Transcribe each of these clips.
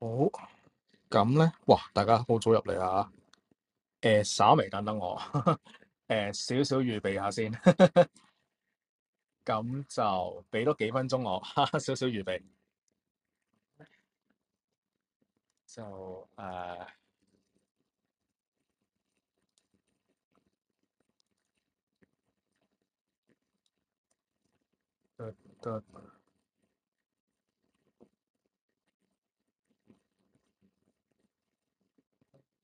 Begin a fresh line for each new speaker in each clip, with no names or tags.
好，咁咧，哇！大家好早入嚟啊，誒、呃，稍微等等我，誒、呃，少少預備下先，咁就畀多幾分鐘我，少少預備，就誒，呃，
得得。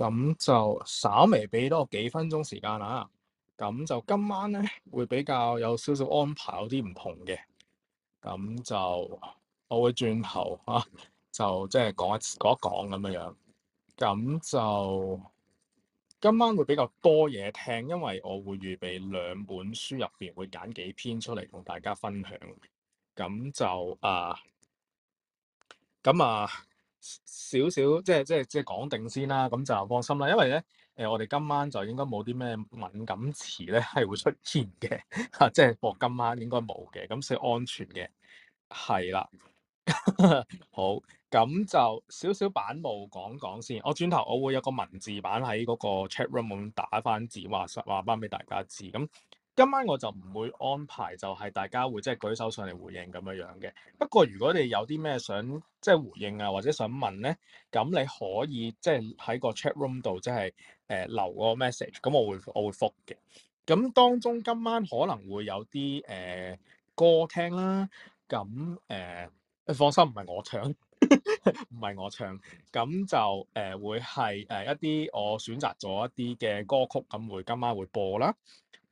咁就稍微畀多幾分鐘時間啊！咁就今晚咧會比較有少少安排，有啲唔同嘅。咁就我會轉頭啊，就即係講一講一講咁樣樣。咁就今晚會比較多嘢聽，因為我會預備兩本書入邊，會揀幾篇出嚟同大家分享。咁就啊，咁啊。少少即係即係即係講定先啦，咁就放心啦。因為咧，誒、呃，我哋今晚就應該冇啲咩敏感詞咧係會出現嘅。吓、啊，即係我今晚應該冇嘅，咁所以安全嘅係啦。 好，咁就少少版務講講先。我轉頭我會有一個文字版喺嗰個 chat room 打翻字，話實話翻俾大家知。咁。今晚我就唔會安排，就係、是、大家會即係舉手上嚟回應咁樣樣嘅。不過如果你有啲咩想即係回應啊，或者想問咧，咁你可以即係喺個 chat room 度即係誒、呃、留個 message，咁我會我會覆嘅。咁當中今晚可能會有啲誒、呃、歌聽啦，咁誒、呃、放心唔係我唱，唔 係我唱，咁就誒、呃、會係誒、呃、一啲我選擇咗一啲嘅歌曲，咁會今晚會播啦。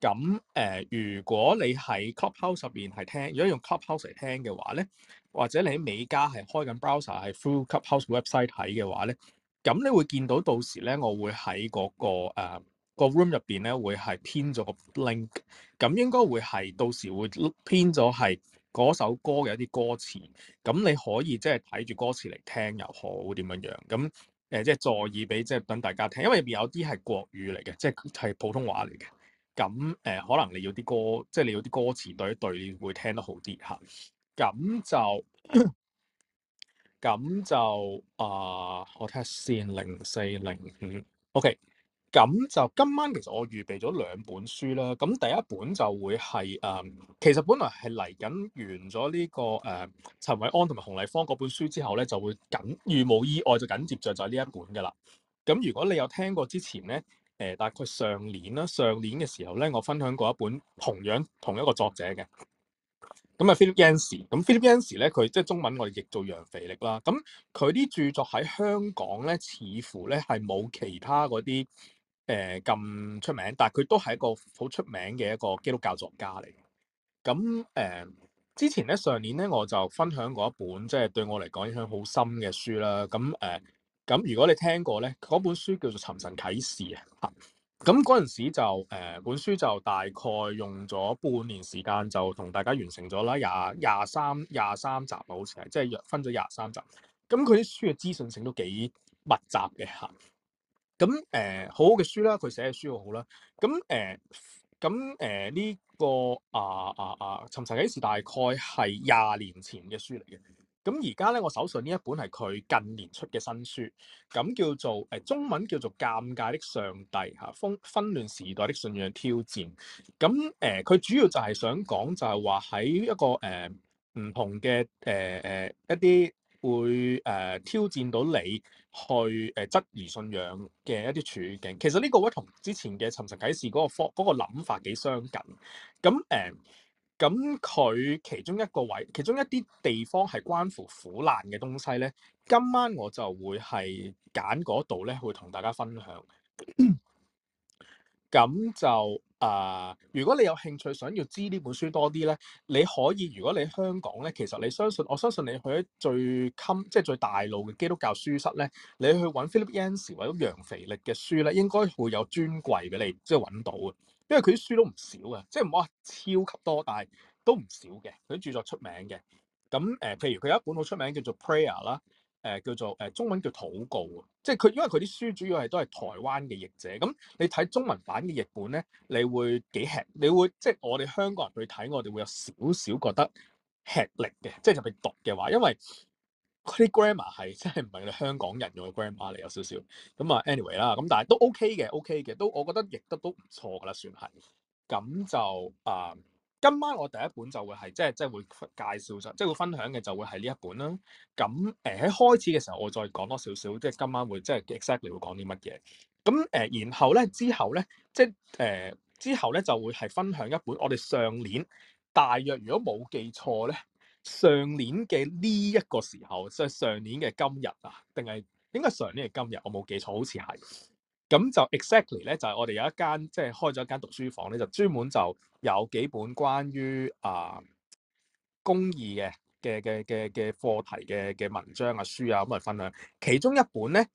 咁誒、呃，如果你喺 Clubhouse 入邊係聽，如果用 Clubhouse 嚟聽嘅話咧，或者你喺美加係開緊 browser 係 full Clubhouse website 睇嘅話咧，咁你會見到到時咧，我會喺嗰、那個誒、呃、room 入邊咧會係編咗個 link，咁應該會係到時會編咗係嗰首歌嘅一啲歌詞，咁你可以即係睇住歌詞嚟聽又好點樣樣，咁誒即係助耳俾即係等大家聽，因為入邊有啲係國語嚟嘅，即係係普通話嚟嘅。咁誒、呃，可能你要啲歌，即係你要啲歌詞對一對，你會聽得好啲嚇。咁就咁 就啊、呃，我睇下先，零四零五，OK。咁就今晚其實我預備咗兩本書啦。咁第一本就會係誒、嗯，其實本來係嚟緊完咗呢、這個誒、呃、陳偉安同埋洪麗芳嗰本書之後咧，就會緊預無意外就緊接着就係呢一本嘅啦。咁如果你有聽過之前咧。誒，大概上年啦，上年嘅時候咧，我分享過一本同樣同一個作者嘅，咁啊，Philip Yancey，咁 Philip Yancey 咧，佢即係中文我哋譯做楊腓力啦。咁佢啲著作喺香港咧，似乎咧係冇其他嗰啲誒咁出名，但係佢都係一個好出名嘅一個基督教作家嚟。咁誒、呃，之前咧上年咧，我就分享過一本即係、就是、對我嚟講影響好深嘅書啦。咁誒。呃咁如果你聽過咧，嗰本書叫做《尋神啟示》啊，咁嗰陣時就誒、呃、本書就大概用咗半年時間就同大家完成咗啦，廿廿三廿三集好似係即係分咗廿三集。咁佢啲書嘅資訊性都幾密集嘅嚇。咁誒、呃、好好嘅書啦，佢寫嘅書又好啦。咁誒咁誒呢個啊啊啊《尋神啟示》大概係廿年前嘅書嚟嘅。咁而家咧，我手上呢一本係佢近年出嘅新書，咁叫做誒、呃、中文叫做《尷尬的上帝》嚇、啊，紛、紛亂時代的信仰的挑戰。咁誒，佢、呃、主要就係想講就係話喺一個誒唔、呃、同嘅誒誒一啲會誒、呃、挑戰到你去誒質疑信仰嘅一啲處境。其實呢個位同之前嘅尋神解釋嗰、嗰個、嗰個諗法幾相近。咁誒。呃咁佢其中一個位，其中一啲地方係關乎苦難嘅東西咧。今晚我就會係揀嗰度咧，會同大家分享。咁 就誒、呃，如果你有興趣想要知呢本書多啲咧，你可以，如果你喺香港咧，其實你相信，我相信你去喺最襟，即係最大路嘅基督教書室咧，你去揾 Philip Yancey 或者楊肥力嘅書咧，應該會有專櫃俾你，即係揾到嘅。因為佢啲書都唔少嘅，即係唔好話超級多，但係都唔少嘅，佢啲著作出名嘅。咁誒，譬如佢有一本好出名叫做《Prayer》啦，誒叫做誒中文叫禱告，即係佢因為佢啲書主要係都係台灣嘅譯者，咁、嗯、你睇中文版嘅譯本咧，你會幾吃？你會即係我哋香港人去睇，我哋會有少少覺得吃力嘅，即係就俾讀嘅話，因為。佢啲 grammar 係真係唔係你香港人用嘅 grammar 嚟，有少少咁啊。anyway 啦，咁但係都 OK 嘅，OK 嘅，都我覺得譯得都唔錯㗎啦，算係。咁就啊，uh, 今晚我第一本就會係即係即係會介紹就即係會分享嘅就會係呢一本啦。咁誒喺開始嘅時候我再講多少少，即係今晚會即係 exactly 會講啲乜嘢。咁誒、呃，然後咧之後咧即係誒之後咧就會係分享一本我哋上年大約如果冇記錯咧。上年嘅呢一個時候，即係上年嘅今日啊，定係應該是上年嘅今日，我冇記錯，好似係咁就 exactly 咧，就係我哋有一間即係、就是、開咗一間讀書房咧，就專門就有幾本關於啊、呃、公義嘅嘅嘅嘅嘅課題嘅嘅文章啊書啊咁嚟分享。其中一本咧，誒、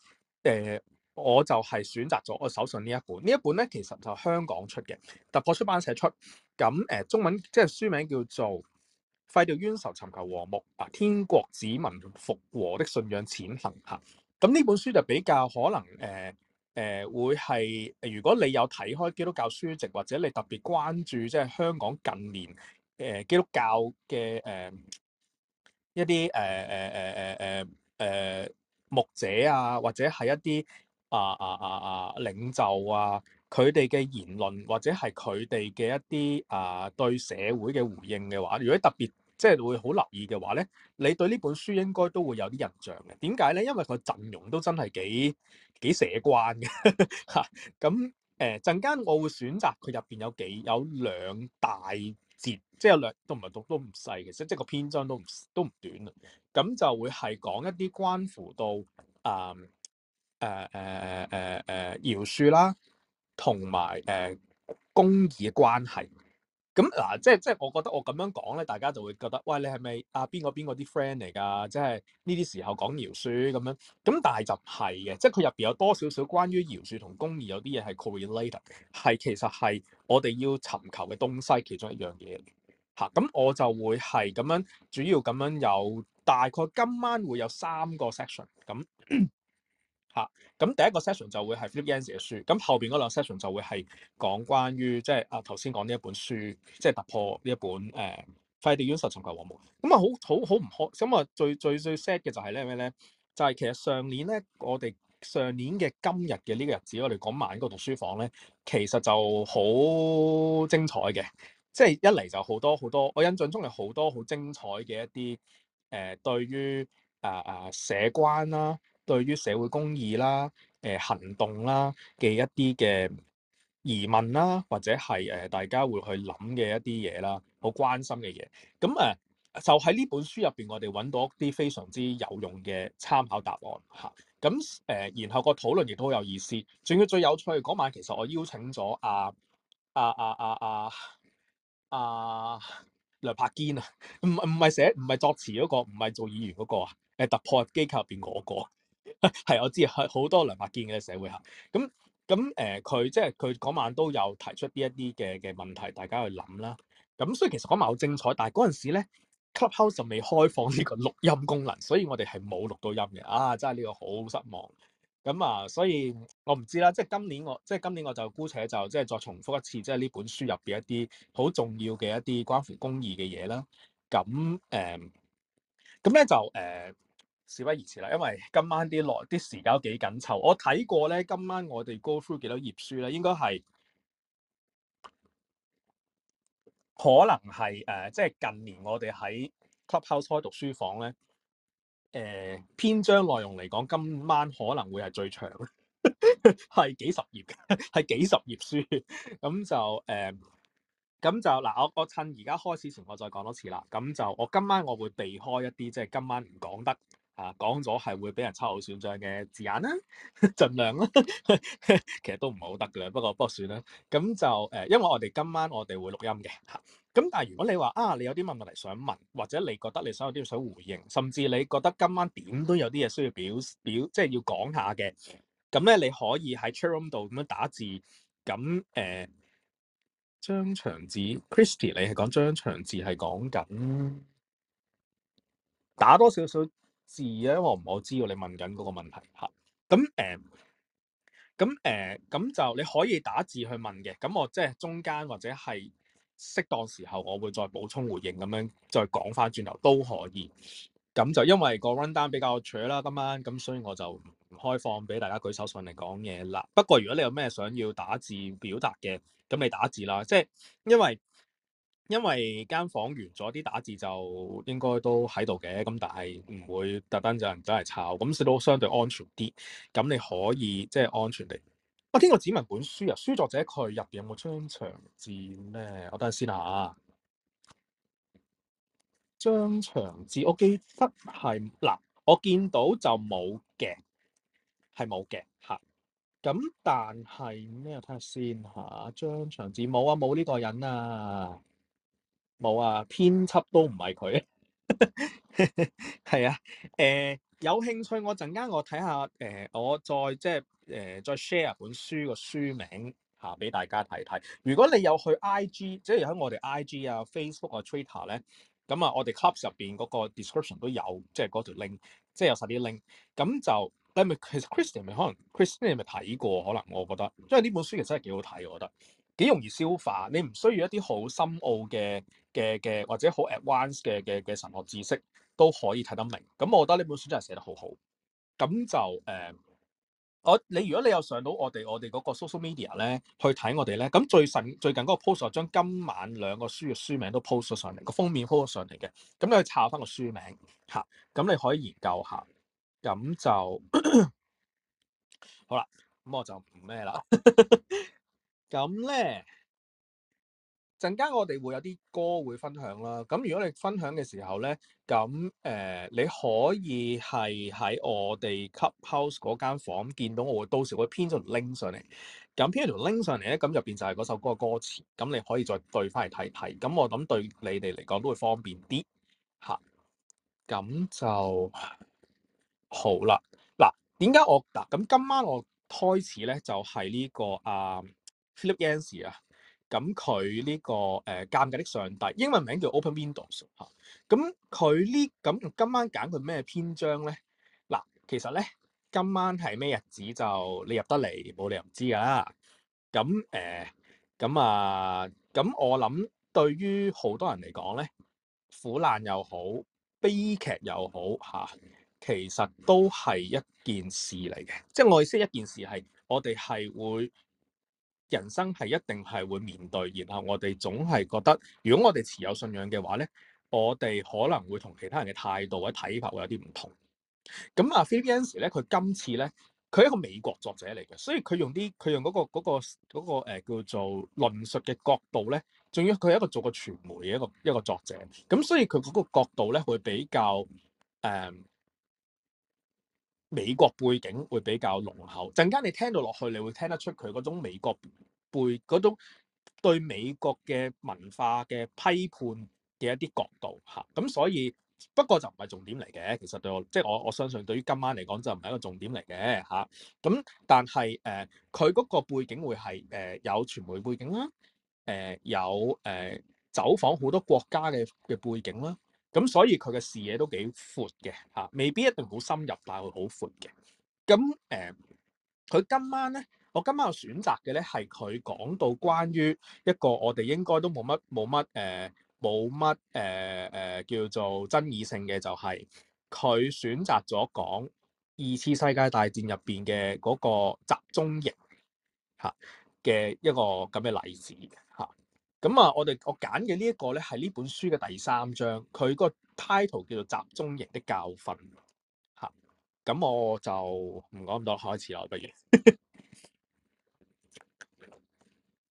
呃，我就係選擇咗我手上呢一本，呢一本咧其實就是香港出嘅突破出版社出，咁誒、呃、中文即係書名叫做。廢掉冤仇，尋求和睦啊！天國子民復和的信仰踐行哈。咁呢本書就比較可能，誒、呃、誒、呃，會係如果你有睇開基督教書籍，或者你特別關注即係香港近年誒、呃、基督教嘅誒、呃、一啲誒誒誒誒誒誒牧者啊，或者係一啲啊啊啊啊領袖啊，佢哋嘅言論或者係佢哋嘅一啲啊對社會嘅回應嘅話，如果特別。即係會好留意嘅話咧，你對呢本書應該都會有啲印象嘅。點解咧？因為佢陣容都真係幾幾寫慣嘅。咁誒陣間我會選擇佢入邊有幾有兩大節，即係有兩都唔係讀都唔細，其實即係個篇章都唔都唔短啊。咁就會係講一啲關乎到啊誒誒誒誒誒饒恕啦，同埋誒公義嘅關係。咁嗱、啊，即係即我覺得我咁樣講咧，大家就會覺得，喂，你係咪啊邊個邊個啲 friend 嚟㗎？即係呢啲時候講謠傳咁樣，咁但係就係嘅，即係佢入面有多少少關於謠傳同公義有啲嘢係 co-related，係其實係我哋要尋求嘅東西其中一樣嘢咁我就會係咁樣，主要咁樣有大概今晚會有三個 section 咁。吓、啊！咁第一個 session 就會係 Philip Yancey 嘅書，咁後邊嗰兩 session 就會係講關於即係、就是、啊頭先講呢一本書，即、就、係、是、突破呢一本誒《廢掉冤仇，尋求和睦》。咁啊好好好唔開，咁啊最最最 sad 嘅就係咧咩咧？就係、是、其實上年咧，我哋上年嘅今日嘅呢個日子，我哋嗰晚那個讀書房咧，其實就好精彩嘅，即、就、係、是、一嚟就好多好多，我印象中係好多好精彩嘅一啲誒、呃，對於、呃、社啊啊寫關啦～對於社會公義啦、誒、呃、行動啦嘅一啲嘅疑問啦，或者係誒、呃、大家會去諗嘅一啲嘢啦，好關心嘅嘢。咁誒就喺呢本書入邊，我哋揾到一啲非常之有用嘅參考答案嚇。咁誒、呃，然後個討論亦都好有意思。仲要最有趣嗰晚，其實我邀請咗阿阿阿阿阿阿梁柏堅、那個那個、啊，唔唔係寫唔係作詞嗰個，唔係做演員嗰個啊，誒突破機構入邊嗰個。係， 我知係好多梁柏建嘅社會下，咁咁誒，佢、呃、即係佢嗰晚都有提出呢一啲嘅嘅問題，大家去諗啦。咁所以其實嗰晚好精彩，但係嗰陣時咧，Clubhouse 就未開放呢個錄音功能，所以我哋係冇錄到音嘅。啊，真係呢個好失望。咁啊，所以我唔知啦。即係今年我，即係今年我就姑且就即係再重複一次，即係呢本書入邊一啲好重要嘅一啲關乎公義嘅嘢啦。咁誒，咁、呃、咧就誒。呃事不宜遲啦，因為今晚啲內啲時間都幾緊湊。我睇過咧，今晚我哋 go through 幾多頁書咧，應該係可能係誒，即、呃、係、就是、近年我哋喺 Clubhouse 開讀書房咧，誒、呃、篇章內容嚟講，今晚可能會係最長，係 幾十頁嘅，係幾十頁書。咁 就誒，咁、呃、就嗱，我我趁而家開始前，我再講多次啦。咁就我今晚我會避開一啲，即、就、係、是、今晚唔講得。啊，講咗係會俾人抄好算賬嘅字眼啦，盡、啊、量啦、啊，其實都唔係好得嘅，不過不過算啦。咁就誒、呃，因為我哋今晚我哋會錄音嘅，吓、啊。咁但係如果你話啊，你有啲問題想問，或者你覺得你想有啲想回應，甚至你覺得今晚點都有啲嘢需要表表，即係要講下嘅。咁咧，你可以喺 chatroom 度咁樣打字。咁誒，張長志，Christy，你係講張長志係講緊打多少少？字咧、啊，我唔，好知道你問緊嗰個問題吓。咁、嗯、誒，咁、嗯、誒，咁、嗯嗯嗯、就你可以打字去問嘅。咁我即係、就是、中間或者係適當時候，我會再補充回應，咁樣再講翻轉頭都可以。咁就因為個 run down 比較 short 啦，今晚咁，所以我就唔開放俾大家舉手信嚟講嘢啦。不過如果你有咩想要打字表達嘅，咁你打字啦。即係因為。因為間房完咗，啲打字就應該都喺度嘅，咁但係唔會特登就有人走嚟抄，咁所以都相對安全啲。咁你可以即係安全地。我、啊、聽過指文本書啊，書作者佢入邊有冇張長志咧？我等，等一下先吓。張長志，我記得係嗱，我見到就冇嘅，係冇嘅吓。咁但係咩？我睇下先吓。張長志冇啊，冇呢個人啊。冇啊，編輯都唔係佢，係 啊，誒、呃、有興趣，我陣間我睇下，誒、呃、我再即係誒再 share 本書個書名嚇俾、啊、大家睇睇。如果你有去 I G，即係喺我哋 I G 啊、Facebook 啊、Twitter 咧，咁啊，我哋 c a r d 入邊嗰個 description 都有，即係嗰條 link，即係有晒啲 link。咁就你咪其實 Christian 咪可能 Christian 你咪睇過，可能我覺得，因為呢本書其實真係幾好睇，我覺得幾容易消化，你唔需要一啲好深奧嘅。嘅嘅或者好 advanced 嘅嘅嘅神學知識都可以睇得明，咁我覺得呢本書真係寫得好好。咁就誒、呃，我你如果你有上到我哋我哋嗰個 social media 咧，去睇我哋咧，咁最，最近最近嗰個 poster 將今晚兩個書嘅書名都 post 咗上嚟，個封面 post 咗上嚟嘅，咁你可以查翻個書名嚇，咁、啊、你可以研究下。咁就 好啦，咁我就唔咩啦。咁 咧。陣間我哋會有啲歌會分享啦，咁如果你分享嘅時候咧，咁誒、呃、你可以係喺我哋 Clubhouse 嗰間房間見到我，到時我編咗條 link 上嚟，咁編咗條 link 上嚟咧，咁入邊就係嗰首歌嘅歌詞，咁你可以再對翻嚟睇睇，咁我諗對你哋嚟講都會方便啲嚇，咁、啊、就好啦。嗱、啊，點解我嗱咁今晚我開始咧就係、是、呢、這個啊 Philip Yancey 啊。咁佢呢個誒尷尬的上帝英文名叫 Open Windows 嚇、啊。咁佢呢，咁今晚揀佢咩篇章咧？嗱、啊，其實咧今晚係咩日子，就你入得嚟冇理由唔知㗎啦啊。咁誒咁啊，咁、啊啊啊啊、我諗對於好多人嚟講咧，苦難又好，悲劇又好嚇、啊，其實都係一件事嚟嘅。即、就、係、是、我識一件事係，我哋係會。人生係一定係會面對，然後我哋總係覺得，如果我哋持有信仰嘅話咧，我哋可能會同其他人嘅態度或者睇法會有啲唔同。咁啊，Philip Yancey 咧，佢今次咧，佢係一個美國作者嚟嘅，所以佢用啲佢用嗰、嗰個嗰、嗰個、嗰個嗰個呃、叫做論述嘅角度咧，仲要佢係一個做過傳媒嘅一個一個，一個作者，咁所以佢嗰個角度咧會比較誒。呃美國背景會比較濃厚，陣間你聽到落去，你會聽得出佢嗰種美國背嗰種對美國嘅文化嘅批判嘅一啲角度嚇，咁、啊、所以不過就唔係重點嚟嘅，其實對我即係、就是、我我相信對於今晚嚟講就唔係一個重點嚟嘅嚇，咁、啊、但係誒佢嗰個背景會係誒、呃、有傳媒背景啦，誒、呃、有誒、呃、走訪好多國家嘅嘅背景啦。咁所以佢嘅視野都幾闊嘅嚇，未必一定好深入，但係佢好闊嘅。咁誒，佢、呃、今晚咧，我今晚選擇嘅咧係佢講到關於一個我哋應該都冇乜冇乜誒冇乜誒誒叫做爭議性嘅，就係佢選擇咗講二次世界大戰入邊嘅嗰個集中營嚇嘅一個咁嘅例子。咁啊，我哋我揀嘅呢一個咧，係呢本書嘅第三章，佢個 title 叫做集中營的教訓嚇。咁、嗯、我就唔講咁多，開始啦，不如。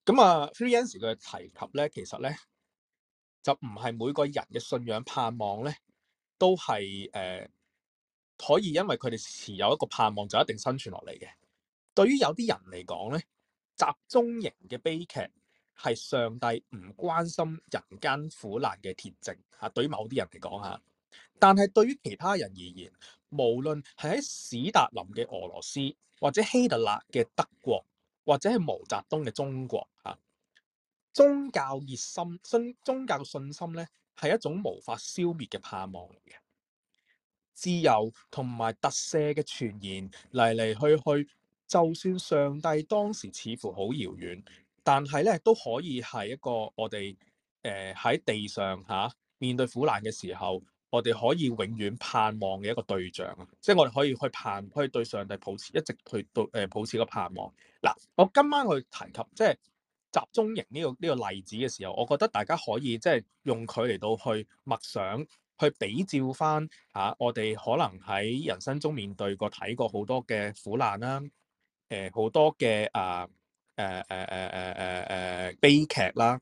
咁 啊 f r e e a n c e s 嘅提及咧，其實咧就唔係每個人嘅信仰盼，盼望咧，都係誒、呃、可以因為佢哋持有一個盼望就一定生存落嚟嘅。對於有啲人嚟講咧，集中營嘅悲劇。係上帝唔關心人間苦難嘅鐵證吓，對於某啲人嚟講吓，但係對於其他人而言，無論係喺史達林嘅俄羅斯，或者希特勒嘅德國，或者係毛澤東嘅中國吓，宗教熱心信宗教信心咧，係一種無法消滅嘅盼望嚟嘅。自由同埋特赦嘅傳言嚟嚟去去，就算上帝當時似乎好遙遠。但係咧都可以係一個我哋誒喺地上嚇、啊、面對苦難嘅時候，我哋可以永遠盼望嘅一個對象啊！即係我哋可以去盼，可以對上帝抱持一直去對誒抱持一個盼望。嗱，我今晚去提及即係集中營呢、這個呢、這個例子嘅時候，我覺得大家可以即係用佢嚟到去默想去比照翻嚇、啊、我哋可能喺人生中面對過睇過好多嘅苦難啦，誒、呃、好多嘅啊～誒誒誒誒誒誒悲劇啦，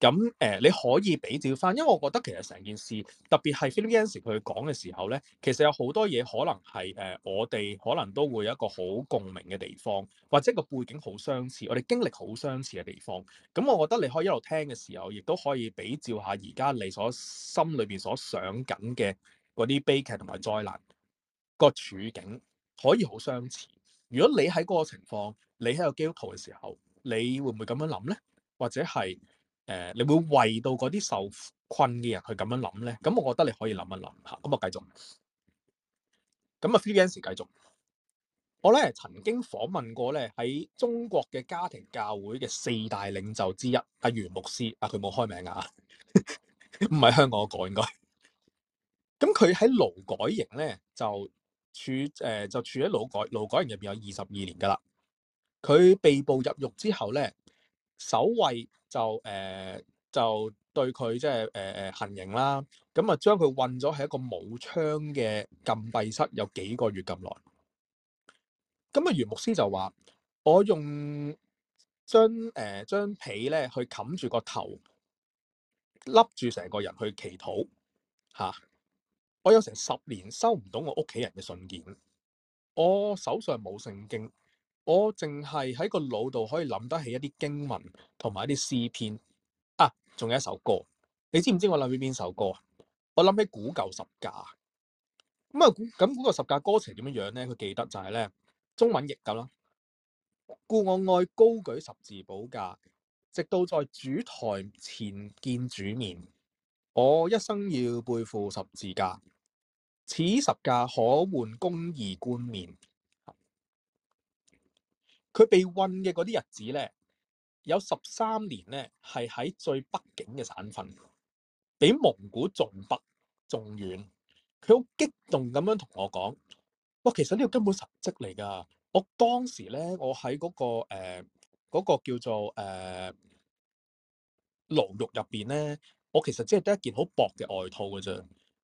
咁、呃、誒、呃、你可以比照返，因為我覺得其實成件事特別係 Philip Yancey 佢講嘅時候咧，其實有好多嘢可能係誒、呃、我哋可能都會有一個好共鳴嘅地方，或者個背景好相似，我哋經歷好相似嘅地方。咁、嗯、我覺得你可以一路聽嘅時候，亦都可以比照下而家你所心裏邊所想緊嘅嗰啲悲劇同埋災難，那個處境，可以好相似。如果你喺嗰個情況，你喺個基督徒嘅時候，你會唔會咁樣諗咧？或者係誒、呃，你會為到嗰啲受困嘅人去咁樣諗咧？咁我覺得你可以諗一諗嚇。咁啊，繼續。咁啊，Philip Yancey 繼續。我咧曾經訪問過咧喺中國嘅家庭教會嘅四大領袖之一阿袁牧師，啊佢冇開名啊，唔 係香港個講應該。咁佢喺勞改營咧就。處誒、呃、就處喺勞改勞改營入邊有二十二年噶啦。佢被捕入獄之後咧，守衞就誒、呃、就對佢即係誒誒行刑啦。咁啊，將佢韞咗喺一個冇窗嘅禁閉室有幾個月咁耐。咁啊，袁牧師就話：我用將誒張、呃、被咧去冚住個頭，笠住成個人去祈禱嚇。啊我有成十年收唔到我屋企人嘅信件，我手上冇聖經，我淨係喺個腦度可以諗得起一啲經文同埋一啲詩篇啊，仲有一首歌，你知唔知我諗起邊首歌啊？我諗起古舊十架，咁啊古咁古舊十架歌詞點樣樣咧？佢記得就係咧中文譯咁啦，故我愛高舉十字寶架，直到在主台前見主面，我一生要背負十字架。此十架可換公義冠冕。佢被運嘅嗰啲日子咧，有十三年咧，係喺最北境嘅省份，比蒙古仲北仲遠。佢好激動咁樣同我講，喂，其實呢個根本神蹟嚟噶。我當時咧，我喺嗰、那個誒、呃那個叫做誒、呃、牢獄入邊咧，我其實只係得一件好薄嘅外套噶啫。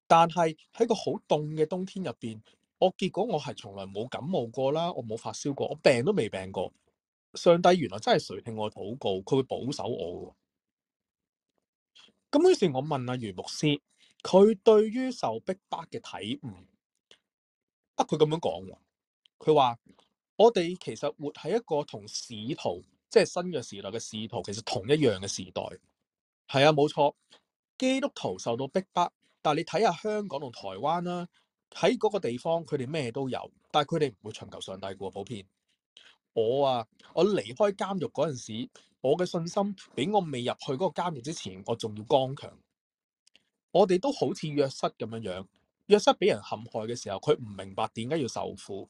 但係喺個好凍嘅冬天入邊，我結果我係從來冇感冒過啦，我冇發燒過，我病都未病過。上帝原來真係垂聽我禱告，佢會保守我嘅。咁於是我問阿余牧師，佢對於受逼迫嘅體悟，啊佢咁樣講，佢話我哋其實活喺一個同使徒，即係新嘅時代嘅使徒，其實同一樣嘅時代。係啊，冇錯，基督徒受到逼迫。嗱，你睇下香港同台灣啦，喺嗰個地方佢哋咩都有，但係佢哋唔會尋求上帝嘅喎普遍。我啊，我離開監獄嗰陣時，我嘅信心比我未入去嗰個監獄之前，我仲要剛強。我哋都好似約瑟咁樣樣，約瑟俾人陷害嘅時候，佢唔明白點解要受苦，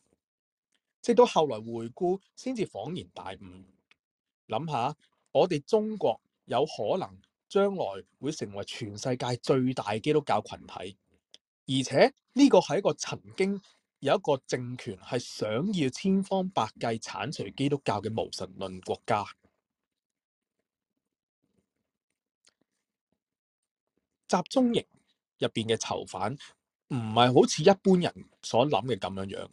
直到後來回顧先至恍然大悟。諗下，我哋中國有可能，將來會成為全世界最大基督教群體，而且呢個係一個曾經有一個政權係想要千方百計剷除基督教嘅無神論國家。集中營入面嘅囚犯唔係好似一般人所諗嘅咁樣樣，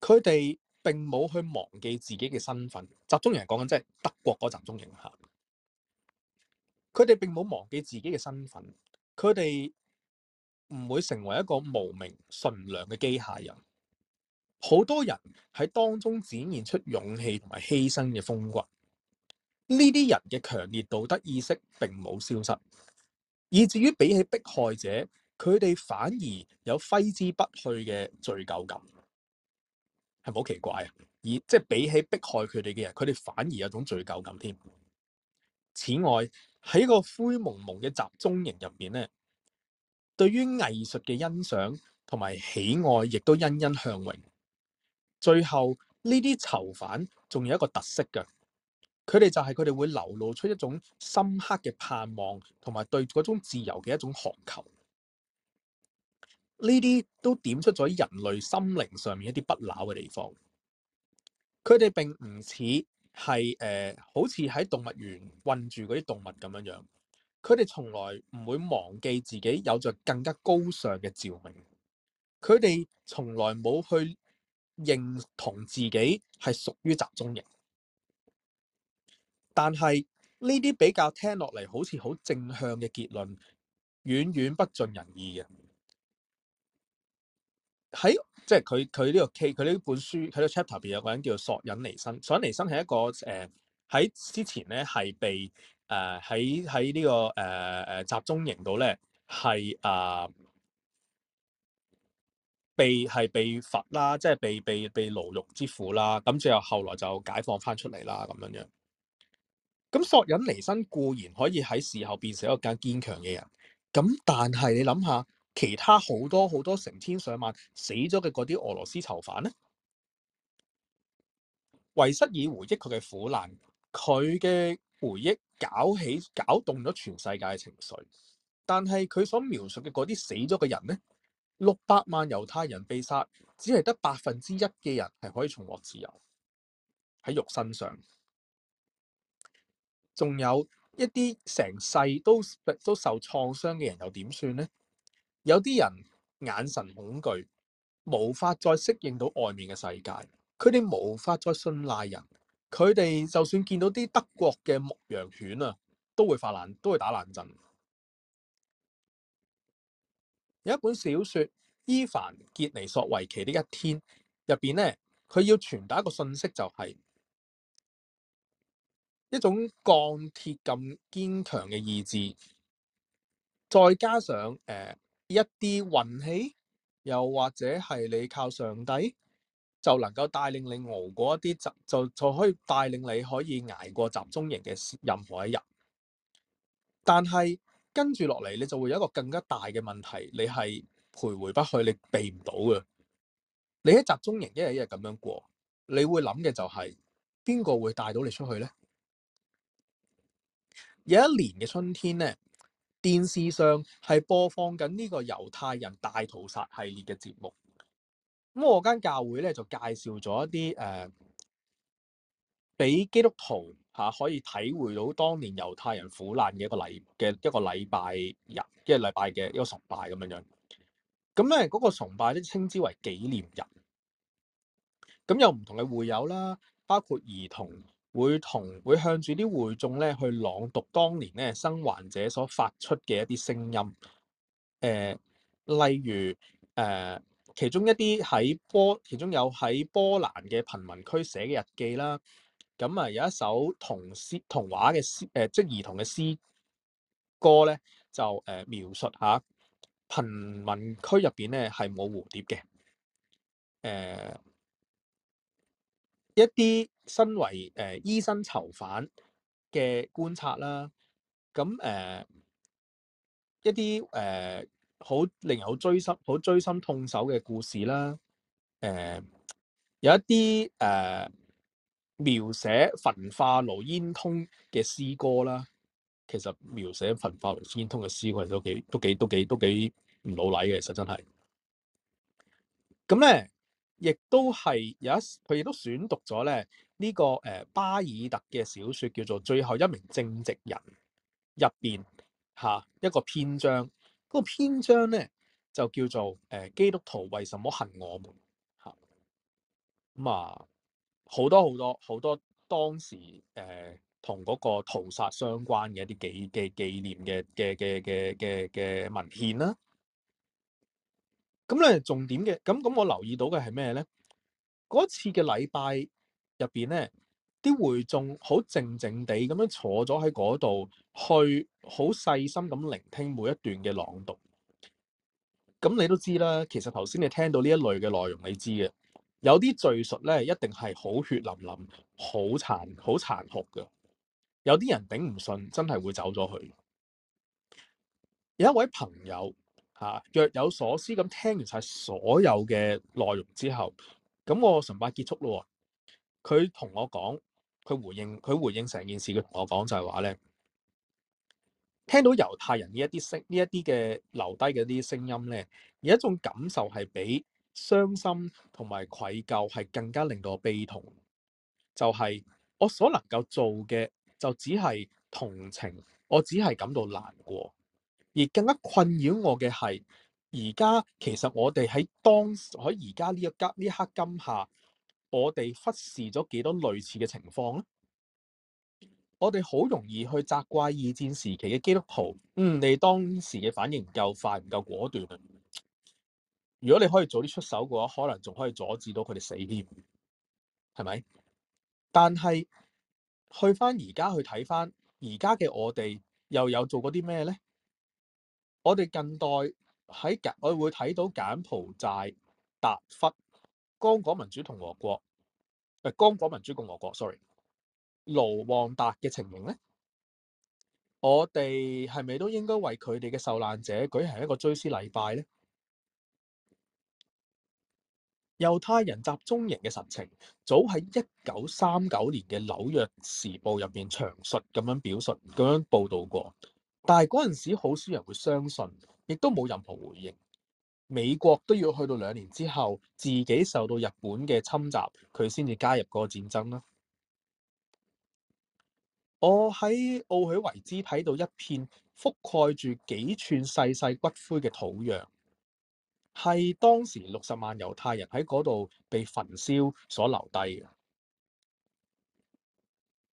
佢哋並冇去忘記自己嘅身份。集中營係講緊即係德國嗰集中營吓。佢哋並冇忘記自己嘅身份，佢哋唔會成為一個無名純良嘅機械人。好多人喺當中展現出勇氣同埋犧牲嘅風骨。呢啲人嘅強烈道德意識並冇消失，以至於比起迫害者，佢哋反而有揮之不去嘅罪疚感，係咪好奇怪啊？而即係比起迫害佢哋嘅人，佢哋反而有種罪疚感添。此外，喺個灰蒙蒙嘅集中營入面咧，對於藝術嘅欣賞同埋喜愛，亦都欣欣向榮。最後呢啲囚犯仲有一個特色嘅，佢哋就係佢哋會流露出一種深刻嘅盼望，同埋對嗰種自由嘅一種渴求。呢啲都點出咗人類心靈上面一啲不朽嘅地方。佢哋並唔似。係誒、呃，好似喺動物園困住嗰啲動物咁樣樣，佢哋從來唔會忘記自己有着更加高尚嘅照明，佢哋從來冇去認同自己係屬於集中營。但係呢啲比較聽落嚟好似好正向嘅結論，遠遠不盡人意嘅。喺即係佢佢呢個佢呢本書佢呢 chapter 入邊，有個人叫索引尼生。索引尼生係一個誒喺、呃、之前咧係被誒喺喺呢個誒誒、呃、集中營度咧係啊被係被罰啦，即係被被被牢獄之苦啦，咁最後後來就解放翻出嚟啦咁樣樣。咁索引尼生固然可以喺事後變成一個更堅強嘅人，咁但係你諗下。其他好多好多成千上萬死咗嘅嗰啲俄羅斯囚犯呢？維塞爾回憶佢嘅苦難，佢嘅回憶搞起搞動咗全世界嘅情緒。但係佢所描述嘅嗰啲死咗嘅人呢？六百萬猶太人被殺，只係得百分之一嘅人係可以重獲自由喺肉身上。仲有一啲成世都都受創傷嘅人又點算呢？有啲人眼神恐懼，無法再適應到外面嘅世界。佢哋無法再信賴人。佢哋就算見到啲德國嘅牧羊犬啊，都會發冷，都會打冷震。有一本小說《伊凡傑尼索維奇的一天》入邊呢，佢要傳達一個信息，就是，就係一種鋼鐵咁堅強嘅意志，再加上，呃一啲運氣，又或者係你靠上帝就能夠帶領你熬過一啲集，就就可以帶領你可以挨過集中營嘅任何一日。但係跟住落嚟，你就會有一個更加大嘅問題，你係徘徊不去，你避唔到嘅。你喺集中營一日一日咁樣過，你會諗嘅就係邊個會帶到你出去咧？有一年嘅春天咧。電視上係播放緊呢個猶太人大屠殺系列嘅節目，咁我間教會咧就介紹咗一啲誒，俾、呃、基督徒吓、啊、可以體會到當年猶太人苦難嘅一個禮嘅一個禮拜日，一個禮拜嘅一個崇拜咁樣樣。咁咧嗰個崇拜咧稱之為紀念日，咁有唔同嘅會友啦，包括兒童。會同會向住啲會眾咧去朗讀當年咧生還者所發出嘅一啲聲音，誒、呃，例如誒、呃、其中一啲喺波，其中有喺波蘭嘅貧民區寫嘅日記啦，咁啊有一首童詩童話嘅詩誒，即兒童嘅詩歌咧就誒描述下貧民區入邊咧係冇蝴蝶嘅誒。呃一啲身為誒、呃、醫生囚犯嘅觀察啦，咁誒、呃、一啲誒好令人好追心、好追心痛手嘅故事啦，誒、呃、有一啲誒、呃、描寫焚化爐煙通嘅詩歌啦，其實描寫焚化爐煙通嘅詩歌其實都幾都幾都幾都幾唔老禮嘅，其實真係咁咧。亦都係有一，佢亦都選讀咗咧呢、這個誒、呃、巴爾特嘅小説叫做《最後一名正直人》入邊嚇一個篇章，嗰、那個篇章咧就叫做誒、呃、基督徒為什麼恨我們嚇咁啊，好多好多好多當時誒同嗰個屠殺相關嘅一啲紀嘅紀念嘅嘅嘅嘅嘅嘅文獻啦。咁咧重點嘅，咁咁我留意到嘅係咩咧？嗰次嘅禮拜入邊咧，啲會眾好靜靜地咁樣坐咗喺嗰度，去好細心咁聆聽每一段嘅朗讀。咁你都知啦，其實頭先你聽到呢一類嘅內容，你知嘅，有啲敘述咧一定係好血淋淋、好殘、好殘酷嘅。有啲人頂唔順，真係會走咗去。有一位朋友。若有所思咁聽完晒所有嘅內容之後，咁我崇拜結束咯。佢同我講，佢回應佢回應成件事，佢同我講就係話咧，聽到猶太人呢一啲聲，呢一啲嘅留低嘅啲聲音咧，有一種感受係比傷心同埋愧疚係更加令到我悲痛，就係我所能夠做嘅就只係同情，我只係感到難過。而更加困擾我嘅係，而家其實我哋喺當時喺而家呢一刻呢刻今下，我哋忽視咗幾多類似嘅情況咧？我哋好容易去責怪二戰時期嘅基督徒，嗯，你當時嘅反應唔夠快，唔夠果斷嘅。如果你可以早啲出手嘅話，可能仲可以阻止到佢哋死添，係咪？但係去翻而家去睇翻，而家嘅我哋又有做過啲咩咧？我哋近代喺柬，我會睇到柬埔寨、達佛、剛果民主共和國、誒剛果民主共和國，sorry，盧旺達嘅情形咧，我哋係咪都應該為佢哋嘅受難者舉行一個追思禮拜咧？猶太人集中營嘅實情，早喺一九三九年嘅《紐約時報》入面詳述咁樣表述，咁樣報導過。但係嗰陣時好少人會相信，亦都冇任何回應。美國都要去到兩年之後，自己受到日本嘅侵襲，佢先至加入個戰爭啦。我喺奧許維茲睇到一片覆蓋住幾寸細細骨灰嘅土壤，係當時六十萬猶太人喺嗰度被焚燒所留低嘅。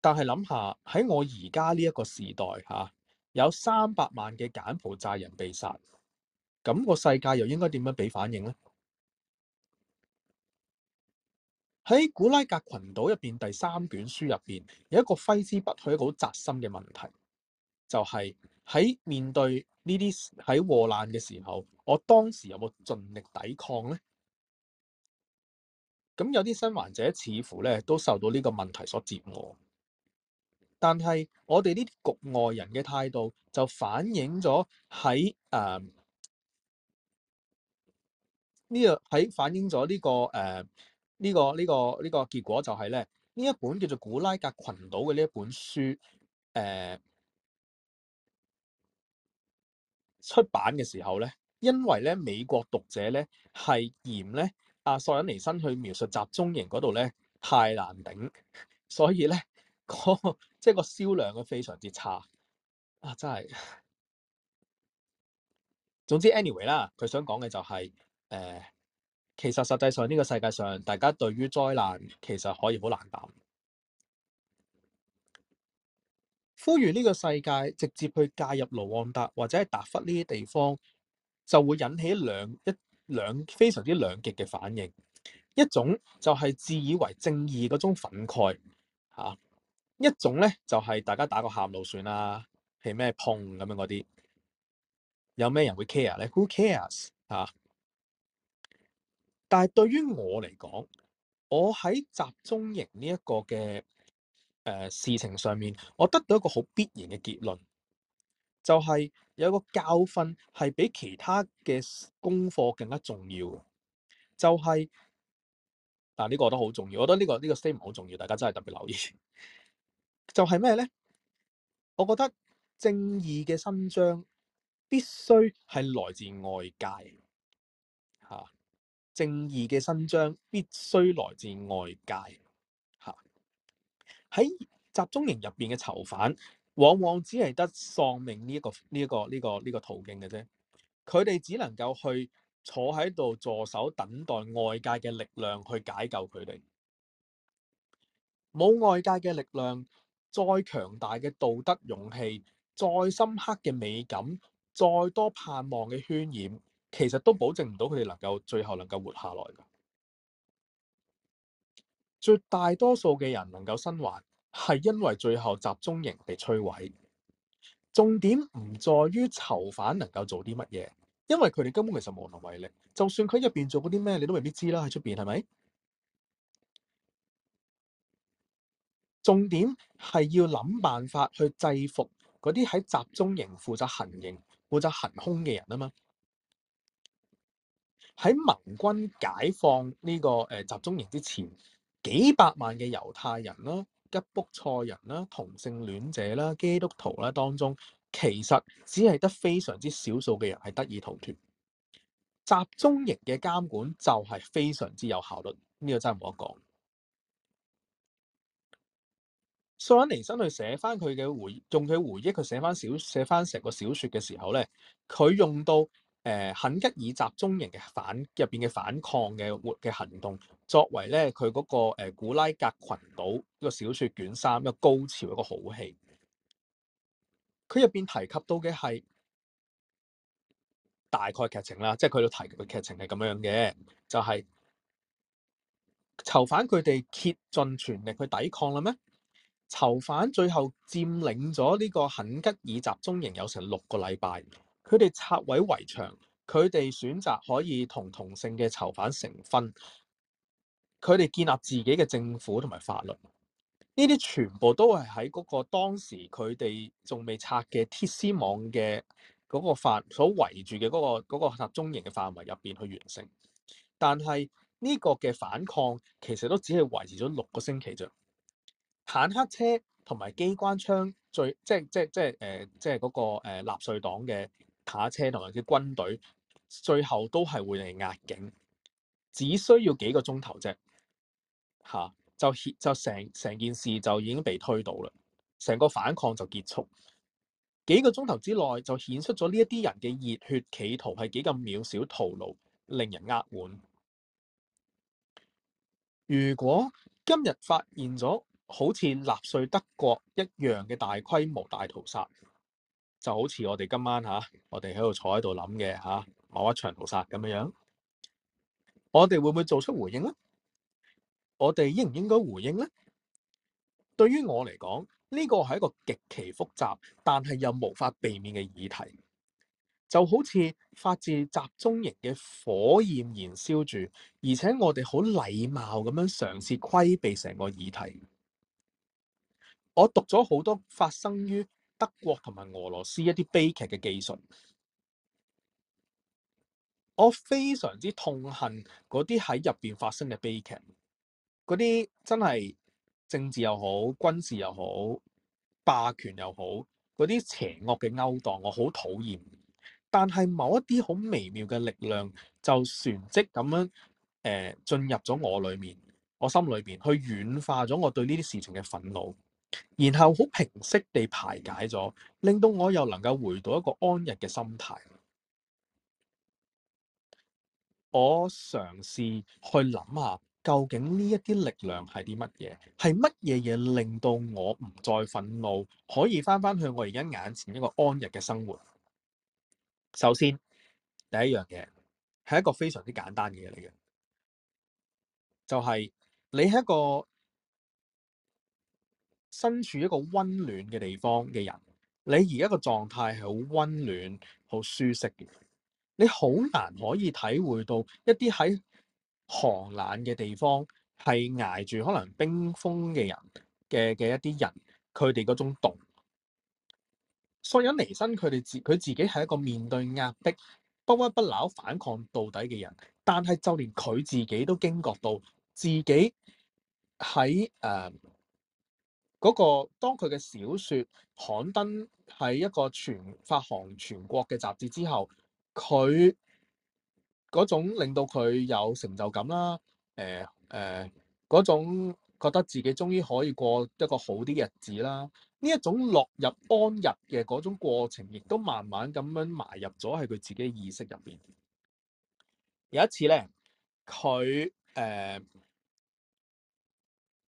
但係諗下喺我而家呢一個時代吓。有三百萬嘅柬埔寨人被殺，咁、那個世界又應該點樣俾反應呢？喺古拉格群島入邊第三卷書入邊，有一個揮之不去一個好扎心嘅問題，就係、是、喺面對呢啲喺禍難嘅時候，我當時有冇盡力抵抗呢？咁有啲生還者似乎咧都受到呢個問題所折磨。但係我哋呢啲局外人嘅態度，就反映咗喺誒呢個喺反映咗呢、這個誒呢、呃這個呢、這個呢、這個結果、就是，就係咧呢一本叫做《古拉格群島》嘅呢一本書誒、呃、出版嘅時候咧，因為咧美國讀者咧係嫌咧阿、啊、索忍尼辛去描述集中營嗰度咧太難頂，所以咧。即係個銷量嘅非常之差啊！真係。總之，anyway 啦，佢想講嘅就係、是、誒、呃，其實實際上呢個世界上，大家對於災難其實可以好難答。呼籲呢個世界直接去介入盧旺達或者係達忽呢啲地方，就會引起兩一兩非常之兩極嘅反應。一種就係自以為正義嗰種憤慨嚇。啊。一種咧就係、是、大家打個喊路算啦，係咩碰咁樣嗰啲，有咩人會 care 咧？Who cares 啊？但係對於我嚟講，我喺集中營呢一個嘅誒、呃、事情上面，我得到一個好必然嘅結論，就係、是、有一個教訓係比其他嘅功課更加重要嘅，就係嗱呢個我都好重要，我覺得呢、呢個呢、呢個 statement 好重要，大家真係特別留意。就係咩咧？我覺得正義嘅伸張必須係來自外界。吓，正義嘅伸張必須來自外界。吓，喺集中營入邊嘅囚犯，往往只係得喪命呢、這、一個呢一、這個呢、這個呢、這個途徑嘅啫。佢哋只能夠去坐喺度助手，等待外界嘅力量去解救佢哋。冇外界嘅力量。再強大嘅道德勇氣，再深刻嘅美感，再多盼望嘅渲染，其實都保證唔到佢哋能夠最後能夠活下來噶。絕大多數嘅人能夠生還，係因為最後集中營被摧毀。重點唔在於囚犯能夠做啲乜嘢，因為佢哋根本其實無能為力。就算佢入邊做過啲咩，你都未必知啦。喺出邊係咪？重點係要諗辦法去制服嗰啲喺集中營負責行刑、負責行兇嘅人啊嘛！喺盟軍解放呢、這個誒、呃、集中營之前，幾百萬嘅猶太人啦、吉卜賽人啦、同性戀者啦、基督徒啦，當中其實只係得非常之少數嘅人係得以逃脫。集中營嘅監管就係非常之有效率，呢、這個真係冇得講。索引尼生去寫翻佢嘅回、用佢回憶佢寫翻小寫翻成個小説嘅時候咧，佢用到誒肯、呃、吉爾集中營嘅反入邊嘅反抗嘅活嘅行動，作為咧佢嗰個古拉格羣島、呢個小説卷三一個高潮一個好戲。佢入邊提及到嘅係大概劇情啦，即係佢要提及嘅劇情係咁樣嘅，就係、是、囚犯佢哋竭盡全力去抵抗啦咩？囚犯最後佔領咗呢個肯吉爾集中營有成六個禮拜，佢哋拆毀圍牆，佢哋選擇可以同同性嘅囚犯成婚，佢哋建立自己嘅政府同埋法律，呢啲全部都係喺嗰個當時佢哋仲未拆嘅鐵絲網嘅嗰個法所圍住嘅嗰個集中營嘅範圍入邊去完成，但係呢個嘅反抗其實都只係維持咗六個星期啫。坦克車同埋機關槍，最即係即係即係誒，即係嗰、呃那個誒、呃，納粹黨嘅卡車同埋啲軍隊，最後都係會嚟壓境，只需要幾個鐘頭啫，吓、啊、就就成成件事就已經被推倒啦，成個反抗就結束，幾個鐘頭之內就顯出咗呢一啲人嘅熱血企圖係幾咁渺小徒勞，令人扼腕。如果今日發現咗。好似納粹德國一樣嘅大規模大屠殺，就好似我哋今晚吓，我哋喺度坐喺度諗嘅吓，某一場屠殺咁樣樣。我哋會唔會做出回應咧？我哋應唔應該回應咧？對於我嚟講，呢、呢個係一個極其複雜，但係又無法避免嘅議題。就好似發自集中營嘅火焰燃燒住，而且我哋好禮貌咁樣嘗試規避成個議題。我讀咗好多發生於德國同埋俄羅斯一啲悲劇嘅技術，我非常之痛恨嗰啲喺入邊發生嘅悲劇，嗰啲真係政治又好、軍事又好、霸權又好，嗰啲邪惡嘅勾當，我好討厭。但係某一啲好微妙嘅力量就，就旋即咁樣誒進入咗我裏面，我心裏邊去軟化咗我對呢啲事情嘅憤怒。然後好平息地排解咗，令到我又能夠回到一個安逸嘅心態。我嘗試去諗下，究竟呢一啲力量係啲乜嘢？係乜嘢嘢令到我唔再憤怒，可以翻返去我而家眼前一個安逸嘅生活？首先，第一樣嘢係一個非常之簡單嘅嘢嚟嘅，就係、是、你係一個。身處一個溫暖嘅地方嘅人，你而家個狀態係好溫暖、好舒適嘅，你好難可以體會到一啲喺寒冷嘅地方係捱住可能冰封嘅人嘅嘅一啲人，佢哋嗰種凍。索忍尼辛，佢哋自佢自己係一個面對壓迫不屈不撓反抗到底嘅人，但係就連佢自己都驚覺到自己喺誒。呃嗰、那個當佢嘅小説刊登喺一個全發行全國嘅雜誌之後，佢嗰種令到佢有成就感啦，誒誒嗰種覺得自己終於可以過一個好啲嘅日子啦，呢一種落入安逸嘅嗰種過程，亦都慢慢咁樣埋入咗喺佢自己嘅意識入邊。有一次咧，佢誒、呃、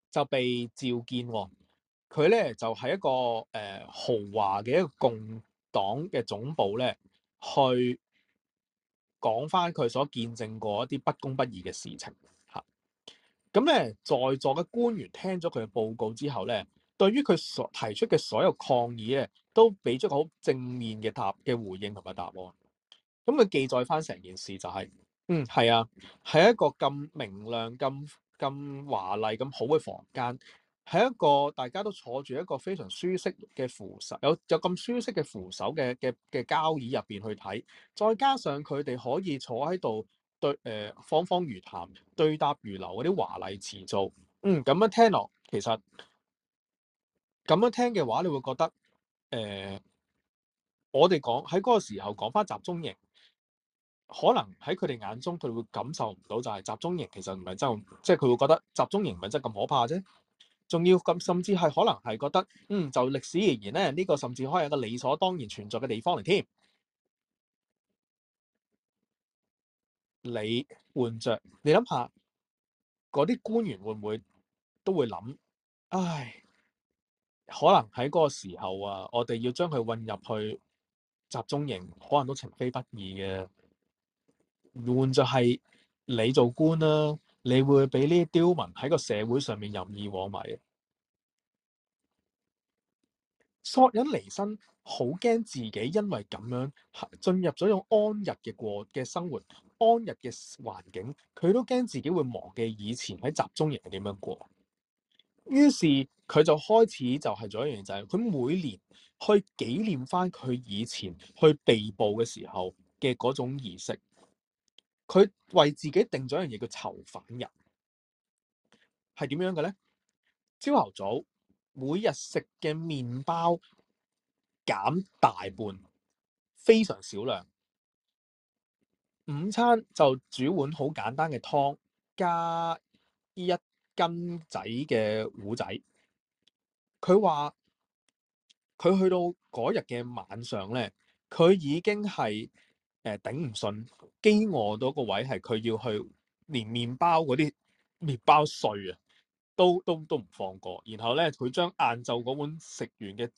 就被召見喎。佢咧就係、是、一個誒、呃、豪華嘅一個共黨嘅總部咧，去講翻佢所見證過一啲不公不義嘅事情嚇。咁、嗯、咧，在座嘅官員聽咗佢嘅報告之後咧，對於佢所提出嘅所有抗議咧，都俾咗個好正面嘅答嘅回應同埋答案。咁佢記載翻成件事就係、是，嗯，係啊，係一個咁明亮、咁咁華麗、咁好嘅房間。喺一個大家都坐住一個非常舒適嘅扶手，有有咁舒適嘅扶手嘅嘅嘅交椅入邊去睇，再加上佢哋可以坐喺度對誒、呃，方方如談對答如流嗰啲華麗詞藻，嗯，咁樣聽落，其實咁樣聽嘅話，你會覺得誒、呃，我哋講喺嗰個時候講翻集中營，可能喺佢哋眼中佢會感受唔到就係集中營，其實唔係真，即係佢會覺得集中營唔係真係咁可怕啫。仲要咁，甚至係可能係覺得，嗯，就歷史而言咧，呢個甚至可以係一個理所當然存在嘅地方嚟添。你換着，你諗下，嗰啲官員會唔會都會諗？唉，可能喺嗰個時候啊，我哋要將佢運入去集中營，可能都情非得已嘅。換着係你做官啦、啊。你會俾呢啲刁民喺個社會上面任意妄為。索忍尼辛，好驚自己因為咁樣進入咗種安逸嘅過嘅生活，安逸嘅環境，佢都驚自己會忘記以前喺集中營點樣過。於是佢就開始就係做一樣嘢，就係佢每年去紀念返佢以前去被捕嘅時候嘅嗰種儀式。佢為自己定咗一樣嘢，叫囚犯人，係點樣嘅咧？朝頭早每日食嘅麵包減大半，非常少量。午餐就煮碗好簡單嘅湯，加一斤仔嘅糊仔。佢話佢去到嗰日嘅晚上咧，佢已經係。誒，頂唔順，飢餓到個位係佢要去連麵包嗰啲麵包碎啊，都都都唔放過。然後咧，佢將晏晝嗰碗食完嘅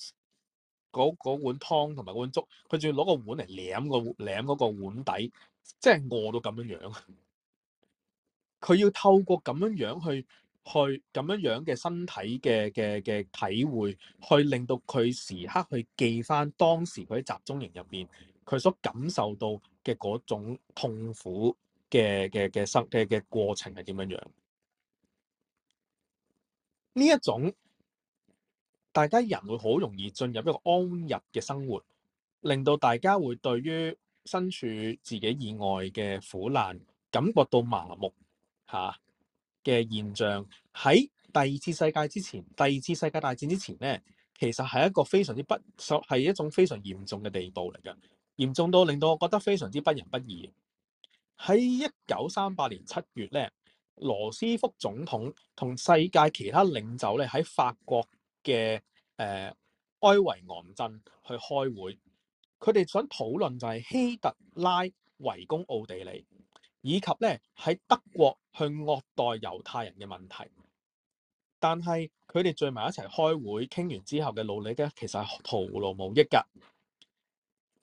嗰碗湯同埋碗粥，佢仲要攞個碗嚟舐個舐個碗底，即係餓到咁樣樣。佢要透過咁樣樣去去咁樣樣嘅身體嘅嘅嘅體會，去令到佢時刻去記翻當時佢喺集中營入邊。佢所感受到嘅嗰種痛苦嘅嘅嘅生嘅嘅過程係點樣樣？呢一種大家人會好容易進入一個安逸嘅生活，令到大家會對於身處自己以外嘅苦難感覺到麻木嚇嘅、啊、現象。喺第二次世界之前，第二次世界大戰之前咧，其實係一個非常之不，係一種非常嚴重嘅地步嚟嘅。嚴重到令到我覺得非常之不仁不義在。喺一九三八年七月咧，羅斯福總統同世界其他領袖咧喺法國嘅誒、呃、埃維昂鎮去開會，佢哋想討論就係希特拉圍攻奧地利以及咧喺德國去惡待猶太人嘅問題。但係佢哋聚埋一齊開會傾完之後嘅努力咧，其實係徒勞無益㗎。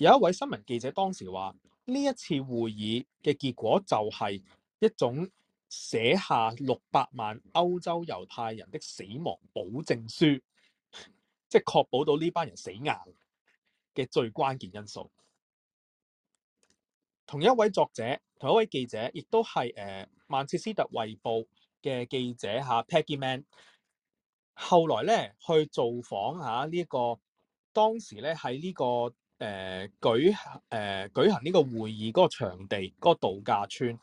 有一位新聞記者當時話：呢一次會議嘅結果就係一種寫下六百萬歐洲猶太人的死亡保證書，即係確保到呢班人死硬嘅最關鍵因素。同一位作者、同一位記者，亦都係誒、呃、曼徹斯特衛報嘅記者嚇，Peggy Mann。後來咧去造訪下呢一個，當時咧喺呢、這個。誒、呃，舉誒、呃、舉行呢個會議嗰個場地，嗰、嗰個度假村，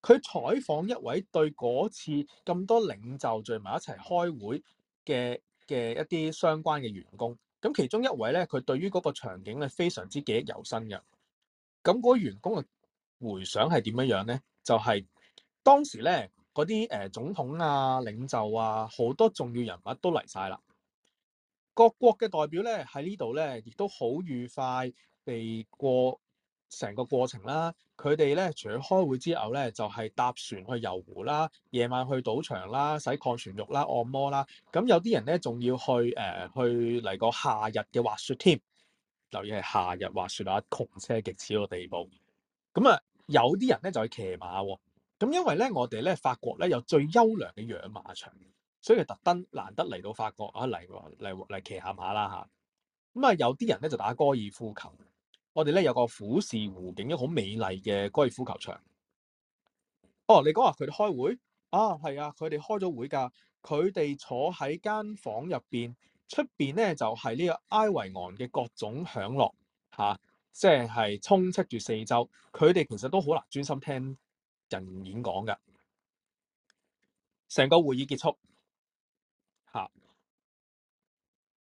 佢採訪一位對嗰次咁多領袖聚埋一齊開會嘅嘅一啲相關嘅員工，咁其中一位咧，佢對於嗰個場景咧非常之記憶猶新嘅。咁嗰員工嘅回想係點樣樣咧？就係、是、當時咧嗰啲誒總統啊、領袖啊，好多重要人物都嚟晒啦。各國嘅代表咧喺呢度咧，亦都好愉快地過成個過程啦。佢哋咧除咗開會之後咧，就係、是、搭船去遊湖啦，夜晚去賭場啦，洗礦泉浴啦，按摩啦。咁有啲人咧仲要去誒、呃、去嚟個夏日嘅滑雪添。留意係夏日滑雪啊，窮奢極侈嗰地步。咁啊，有啲人咧就去騎馬喎、哦。咁因為咧，我哋咧法國咧有最優良嘅養馬場，所以特登，難得嚟到法國啊，嚟嚟嚟騎下馬啦嚇，咁啊有啲人咧就打高爾夫球，我哋咧有個俯視湖景，一個好美麗嘅高爾夫球場。哦，你講話佢哋開會啊？係啊，佢哋開咗會㗎。佢哋坐喺間房入邊，出邊咧就係、係、呢個埃維昂嘅各種享樂嚇、啊，即係充斥住四周。佢哋其實都好難專心聽人演講㗎。成個會議結束。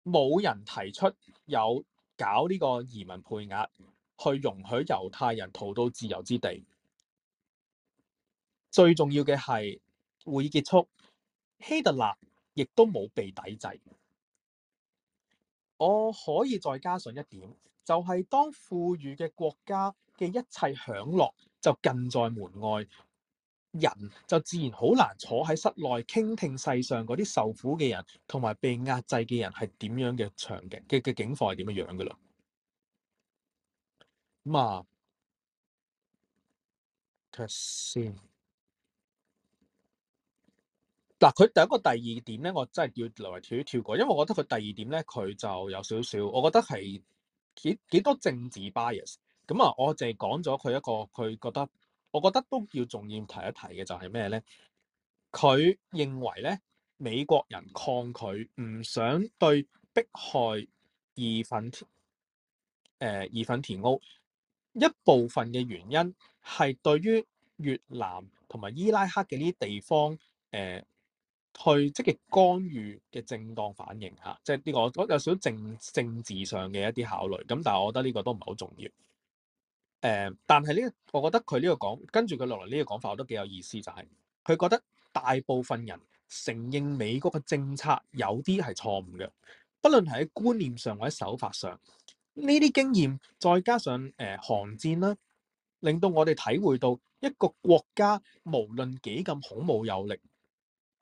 冇人提出有搞呢個移民配額去容許猶太人逃到自由之地。最重要嘅係會議結束，希特勒亦都冇被抵制。我可以再加上一點，就係、是、當富裕嘅國家嘅一切享樂就近在門外。人就自然好難坐喺室內，傾聽世上嗰啲受苦嘅人同埋被壓制嘅人係點樣嘅場景嘅嘅境況係點樣樣噶啦。咁、嗯、啊，先。嗱，佢第一個、第二點咧，我真係要來回跳一跳過，因為我覺得佢第二點咧，佢就有少少，我覺得係幾幾多政治 bias。咁、嗯、啊，我淨係講咗佢一個，佢覺得。我覺得都要重要提一提嘅就係咩咧？佢認為咧，美國人抗拒唔想對迫害義憤誒義憤填膺，一部分嘅原因係對於越南同埋伊拉克嘅呢啲地方誒、呃、去積極干預嘅正當反應嚇、啊，即係呢個我有少少政政治上嘅一啲考慮。咁但係我覺得呢個都唔係好重要。呃、但係呢，我覺得佢呢個講跟住佢落嚟呢個講法，我都幾有意思，就係、是、佢覺得大部分人承認美國嘅政策有啲係錯誤嘅，不論係喺觀念上或者手法上，呢啲經驗再加上誒韓、呃、戰啦，令到我哋體會到一個國家無論幾咁孔武有力，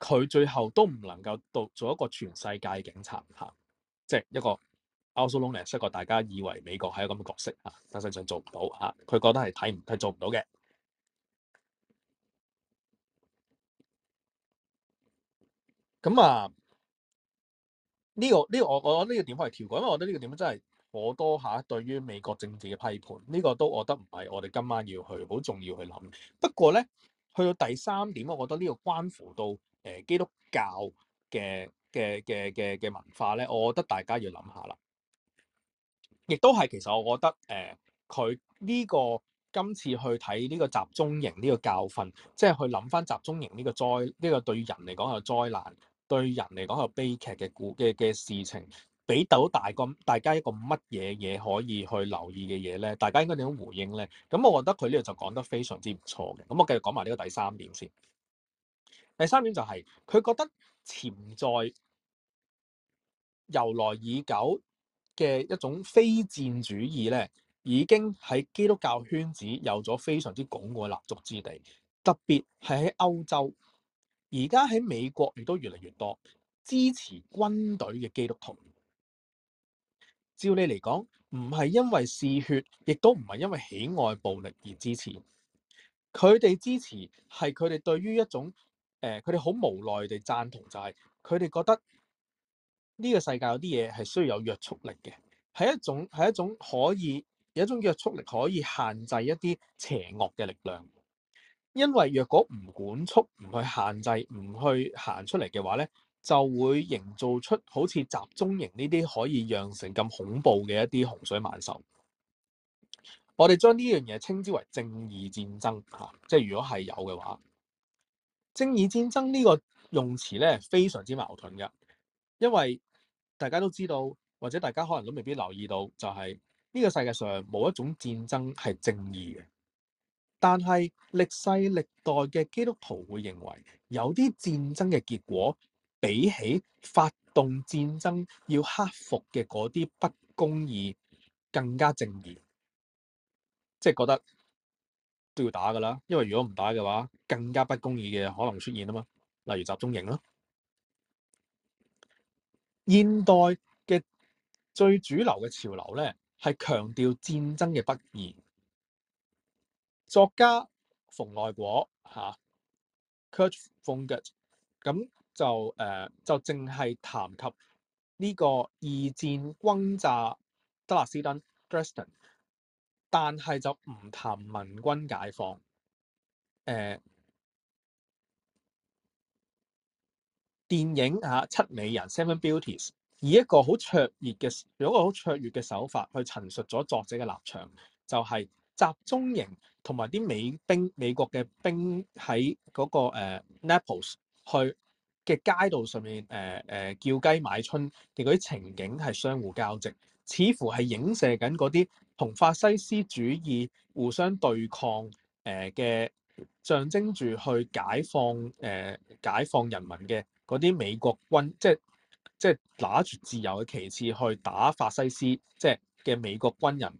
佢最後都唔能夠做做一個全世界警察嚇，即、就、係、是、一個。歐蘇隆呢，所以大家以為美國係一個咁嘅角色啊，但實際上做唔到嚇，佢覺得係睇唔，係做唔到嘅。咁啊，呢、這個呢、這個我我覺得呢個點可以調改，因為我覺得呢個點真係好多嚇，對於美國政治嘅批判，呢、這個都我覺得唔係我哋今晚要去好重要去諗。不過咧，去到第三點，我覺得呢個關乎到誒、呃、基督教嘅嘅嘅嘅嘅文化咧，我覺得大家要諗下啦。亦都係，其實我覺得誒，佢、呃、呢、這個今次去睇呢個集中營呢個教訓，即係去諗返集中營呢個災，呢、這個對人嚟講係災難，對人嚟講係悲劇嘅故嘅嘅事情，俾到大個大家一個乜嘢嘢可以去留意嘅嘢咧？大家應該點樣回應咧？咁我覺得佢呢度就講得非常之唔錯嘅。咁我繼續講埋呢個第三點先。第三點就係、是、佢覺得潛在由來已久。嘅一種非戰主義咧，已經喺基督教圈子有咗非常之廣嘅立足之地，特別係喺歐洲，而家喺美國亦都越嚟越多支持軍隊嘅基督徒。照你嚟講，唔係因為嗜血，亦都唔係因為喜愛暴力而支持。佢哋支持係佢哋對於一種誒，佢哋好無奈地贊同、就是，就係佢哋覺得。呢個世界有啲嘢係需要有約束力嘅，係一種係一種可以有一種約束力可以限制一啲邪惡嘅力量。因為若果唔管束、唔去限制、唔去行出嚟嘅話咧，就會營造出好似集中營呢啲可以釀成咁恐怖嘅一啲洪水猛獸。我哋將呢樣嘢稱之為正義戰爭嚇，即係如果係有嘅話，正義戰爭呢個用詞咧，非常之矛盾嘅，因為大家都知道，或者大家可能都未必留意到，就係呢個世界上冇一種戰爭係正義嘅。但係歷世歷代嘅基督徒會認為，有啲戰爭嘅結果比起發動戰爭要克服嘅嗰啲不公義更加正義，即係覺得都要打噶啦。因為如果唔打嘅話更加不公義嘅可能出現啊嘛，例如集中營咯。現代嘅最主流嘅潮流咧，係強調戰爭嘅不義。作家馮愛果嚇、啊、Kurt Vonnegut 咁就誒、呃、就淨係談及呢個二戰轟炸德拉斯登，Dresden，但係就唔談民軍解放，呃.電影嚇《七美人》《Seven Beauties》以一個好卓越嘅有一個好卓越嘅手法去陳述咗作者嘅立場，就係、是、集中營同埋啲美兵美國嘅兵喺嗰個 Naples 去嘅街道上面誒誒、呃、叫雞買春嘅嗰啲情景係相互交織，似乎係影射緊嗰啲同法西斯主義互相對抗誒嘅象徵住去解放誒、呃、解放人民嘅。嗰啲美國軍，即係即係攞住自由嘅旗幟去打法西斯，即係嘅美國軍人，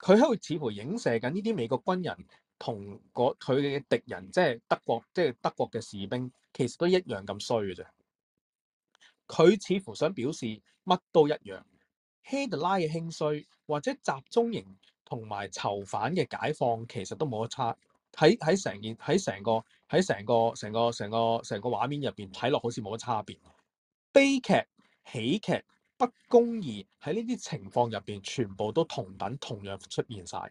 佢喺度似乎影射緊呢啲美國軍人同嗰佢嘅敵人，即係德國，即係德國嘅士兵，其實都一樣咁衰嘅啫。佢似乎想表示乜都一樣，希特拉嘅興衰或者集中營同埋囚犯嘅解放，其實都冇得差。喺喺成件喺成個喺成個成個成個成個畫面入邊睇落好似冇乜差別，悲劇、喜劇、不公義喺呢啲情況入邊全部都同等同樣出現晒。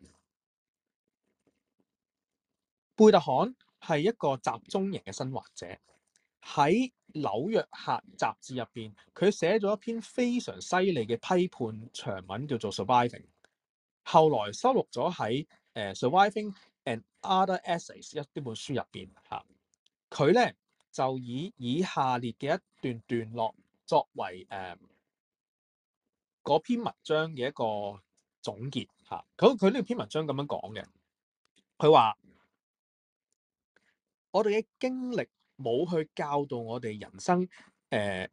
貝特罕係一個集中營嘅生還者，喺《紐約客》雜誌入邊，佢寫咗一篇非常犀利嘅批判長文，叫做《Surviving》，後來收錄咗喺《誒、呃、Surviving》。《And Other Essays》一呢本書入邊吓，佢咧就以以下列嘅一段段落作為誒嗰、嗯、篇文章嘅一個總結吓。佢佢呢篇文章咁樣講嘅，佢話我哋嘅經歷冇去教導我哋人生，誒、呃、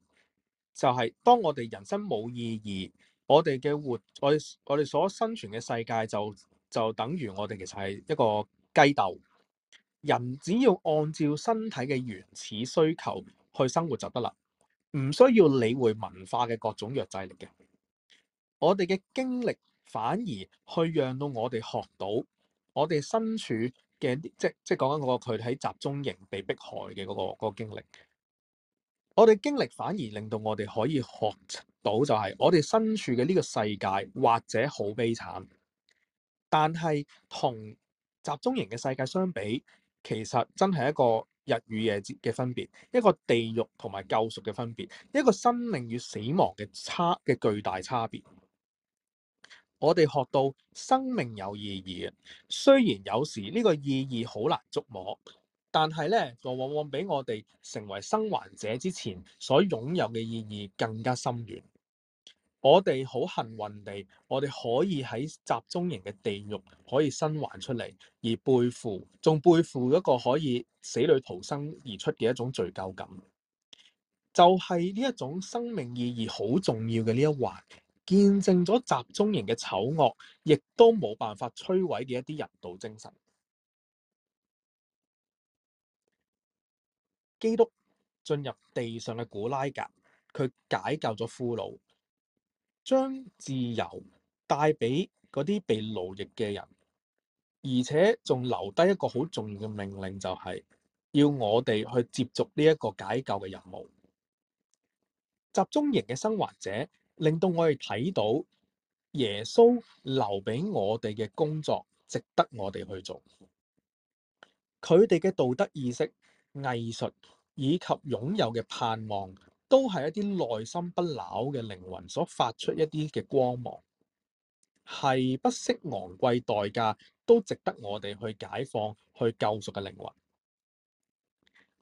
就係、是、當我哋人生冇意義，我哋嘅活我我哋所生存嘅世界就。就等於我哋其實係一個雞竇，人只要按照身體嘅原始需求去生活就得啦，唔需要理會文化嘅各種約制力嘅。我哋嘅經歷反而去讓到我哋學到，我哋身處嘅即即講緊嗰個佢哋喺集中營被迫害嘅嗰個嗰個經歷。我哋經歷反而令到我哋可以學到，就係我哋身處嘅呢個世界或者好悲慘，但係同集中營嘅世界相比，其實真係一個日與夜嘅分別，一個地獄同埋救贖嘅分別，一個生命與死亡嘅差嘅巨大差別。我哋學到生命有意義，雖然有時呢個意義好難捉摸，但係咧就往往比我哋成為生還者之前所擁有嘅意義更加深遠。我哋好幸運地，我哋可以喺集中營嘅地獄可以生還出嚟，而背負仲背負一個可以死裏逃生而出嘅一種罪疚感，就係呢一種生命意義好重要嘅呢一環，見證咗集中營嘅醜惡，亦都冇辦法摧毀嘅一啲人道精神。基督進入地上嘅古拉格，佢解救咗俘虜。將自由帶畀嗰啲被奴役嘅人，而且仲留低一個好重要嘅命令，就是，就係要我哋去接觸呢一個解救嘅任務。集中營嘅生還者令到我哋睇到耶穌留畀我哋嘅工作值得我哋去做。佢哋嘅道德意識、藝術以及擁有嘅盼望，都係一啲內心不朽嘅靈魂所發出一啲嘅光芒，係不惜昂貴代價都值得我哋去解放，去救贖嘅靈魂。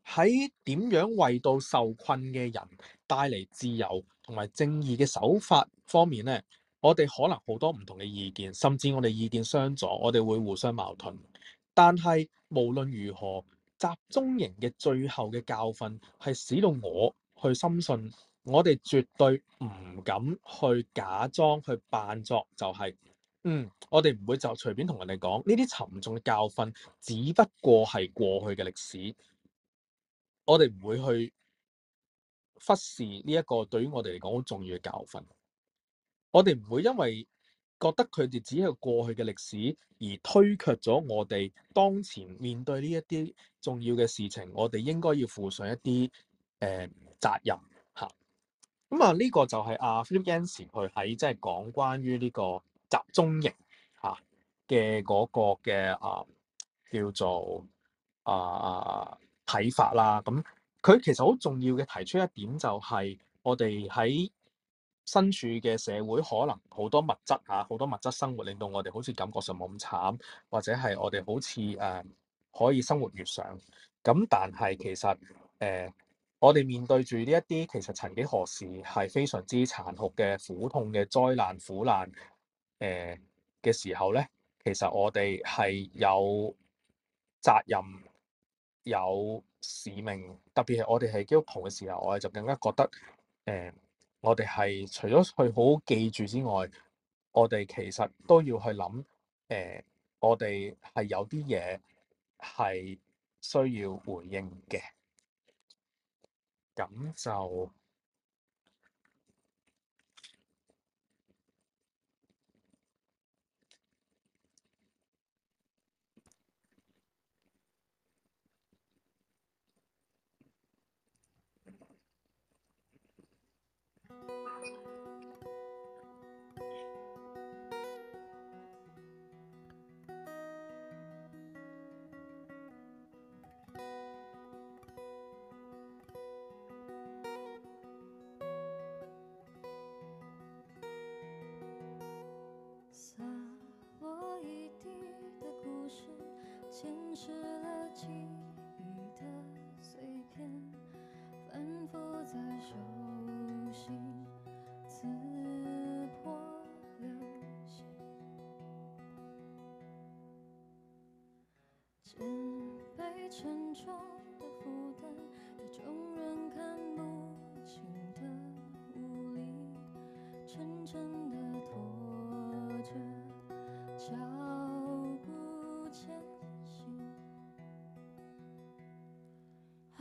喺點樣為到受困嘅人帶嚟自由同埋正義嘅手法方面咧，我哋可能好多唔同嘅意見，甚至我哋意見相左，我哋會互相矛盾。但係無論如何，集中營嘅最後嘅教訓係使到我。去深信，我哋絕對唔敢去假裝去扮作、就是，就係嗯，我哋唔會就隨便同人哋講呢啲沉重嘅教訓，只不過係過去嘅歷史。我哋唔會去忽視呢一個對於我哋嚟講好重要嘅教訓，我哋唔會因為覺得佢哋只係過去嘅歷史而推卻咗我哋當前面對呢一啲重要嘅事情，我哋應該要附上一啲。誒、嗯，責任嚇，咁啊呢、啊這個就係阿、啊、Philip Yancey 佢喺即係講關於呢個集中營嚇嘅嗰個嘅啊叫做啊睇法啦。咁佢其實好重要嘅提出一點就係我哋喺身處嘅社會，可能好多物質嚇，好、啊、多物質生活，令到我哋好似感覺上冇咁慘，或者係我哋好似誒、啊、可以生活如常。咁但係其實誒，啊我哋面對住呢一啲其實曾幾何時係非常之殘酷嘅苦痛嘅災難苦難誒嘅、呃、時候咧，其實我哋係有責任、有使命，特別係我哋係基督徒嘅時候，我哋就更加覺得誒、呃，我哋係除咗去好好記住之外，我哋其實都要去諗誒、呃，我哋係有啲嘢係需要回應嘅。咁就～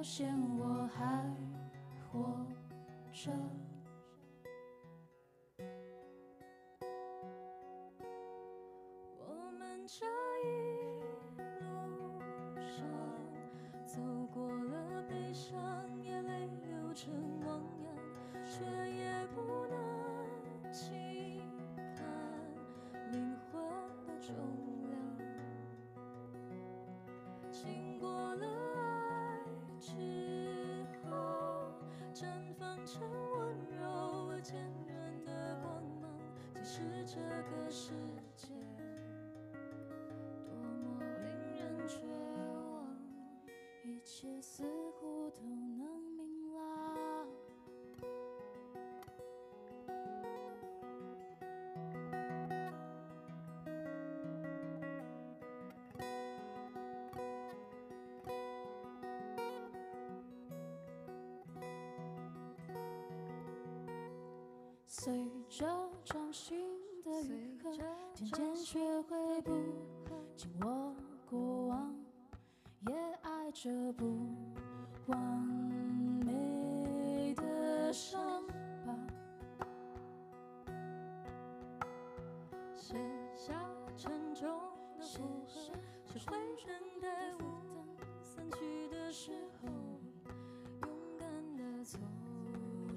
發現我還活着。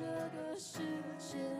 這個世界。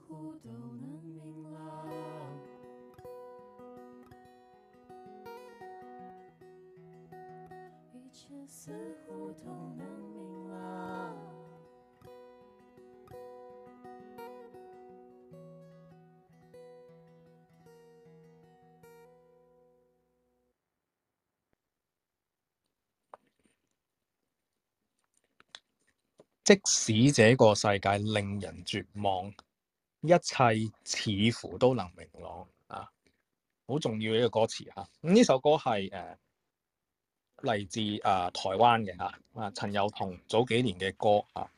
即使這個世界令人絕望，一切似乎都能明朗啊！好重要一個歌詞吓，呢首歌係誒。嚟自啊台灣嘅嚇啊陳有同早幾年嘅歌啊，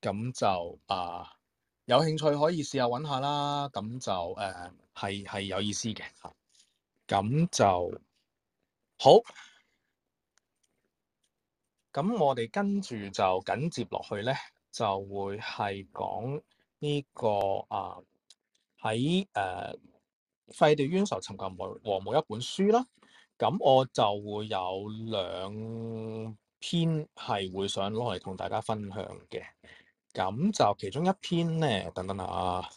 咁就啊有興趣可以試，試找一下揾下啦，咁就誒係係有意思嘅，咁、啊、就好。咁我哋跟住就緊接落去咧，就會係講呢、這個啊喺誒、啊、廢掉冤仇尋求和睦一本書啦。咁我就會有兩篇係會想攞嚟同大家分享嘅。咁就其中一篇咧，等等啊！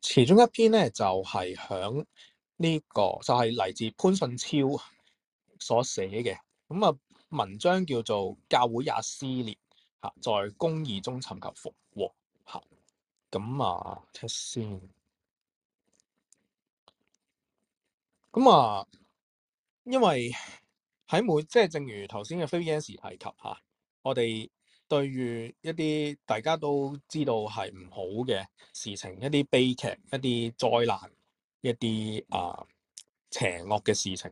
其中一篇咧就係響呢個，就係、是、嚟自潘信超所寫嘅。咁啊，文章叫做《教會也撕裂》，嚇，在公義中尋求復活。嚇，咁啊，睇先。咁啊，因為喺每即係，正如頭先嘅 Freya 時提及吓，我哋對於一啲大家都知道係唔好嘅事情，一啲悲劇、一啲災難、一啲啊、呃、邪惡嘅事情，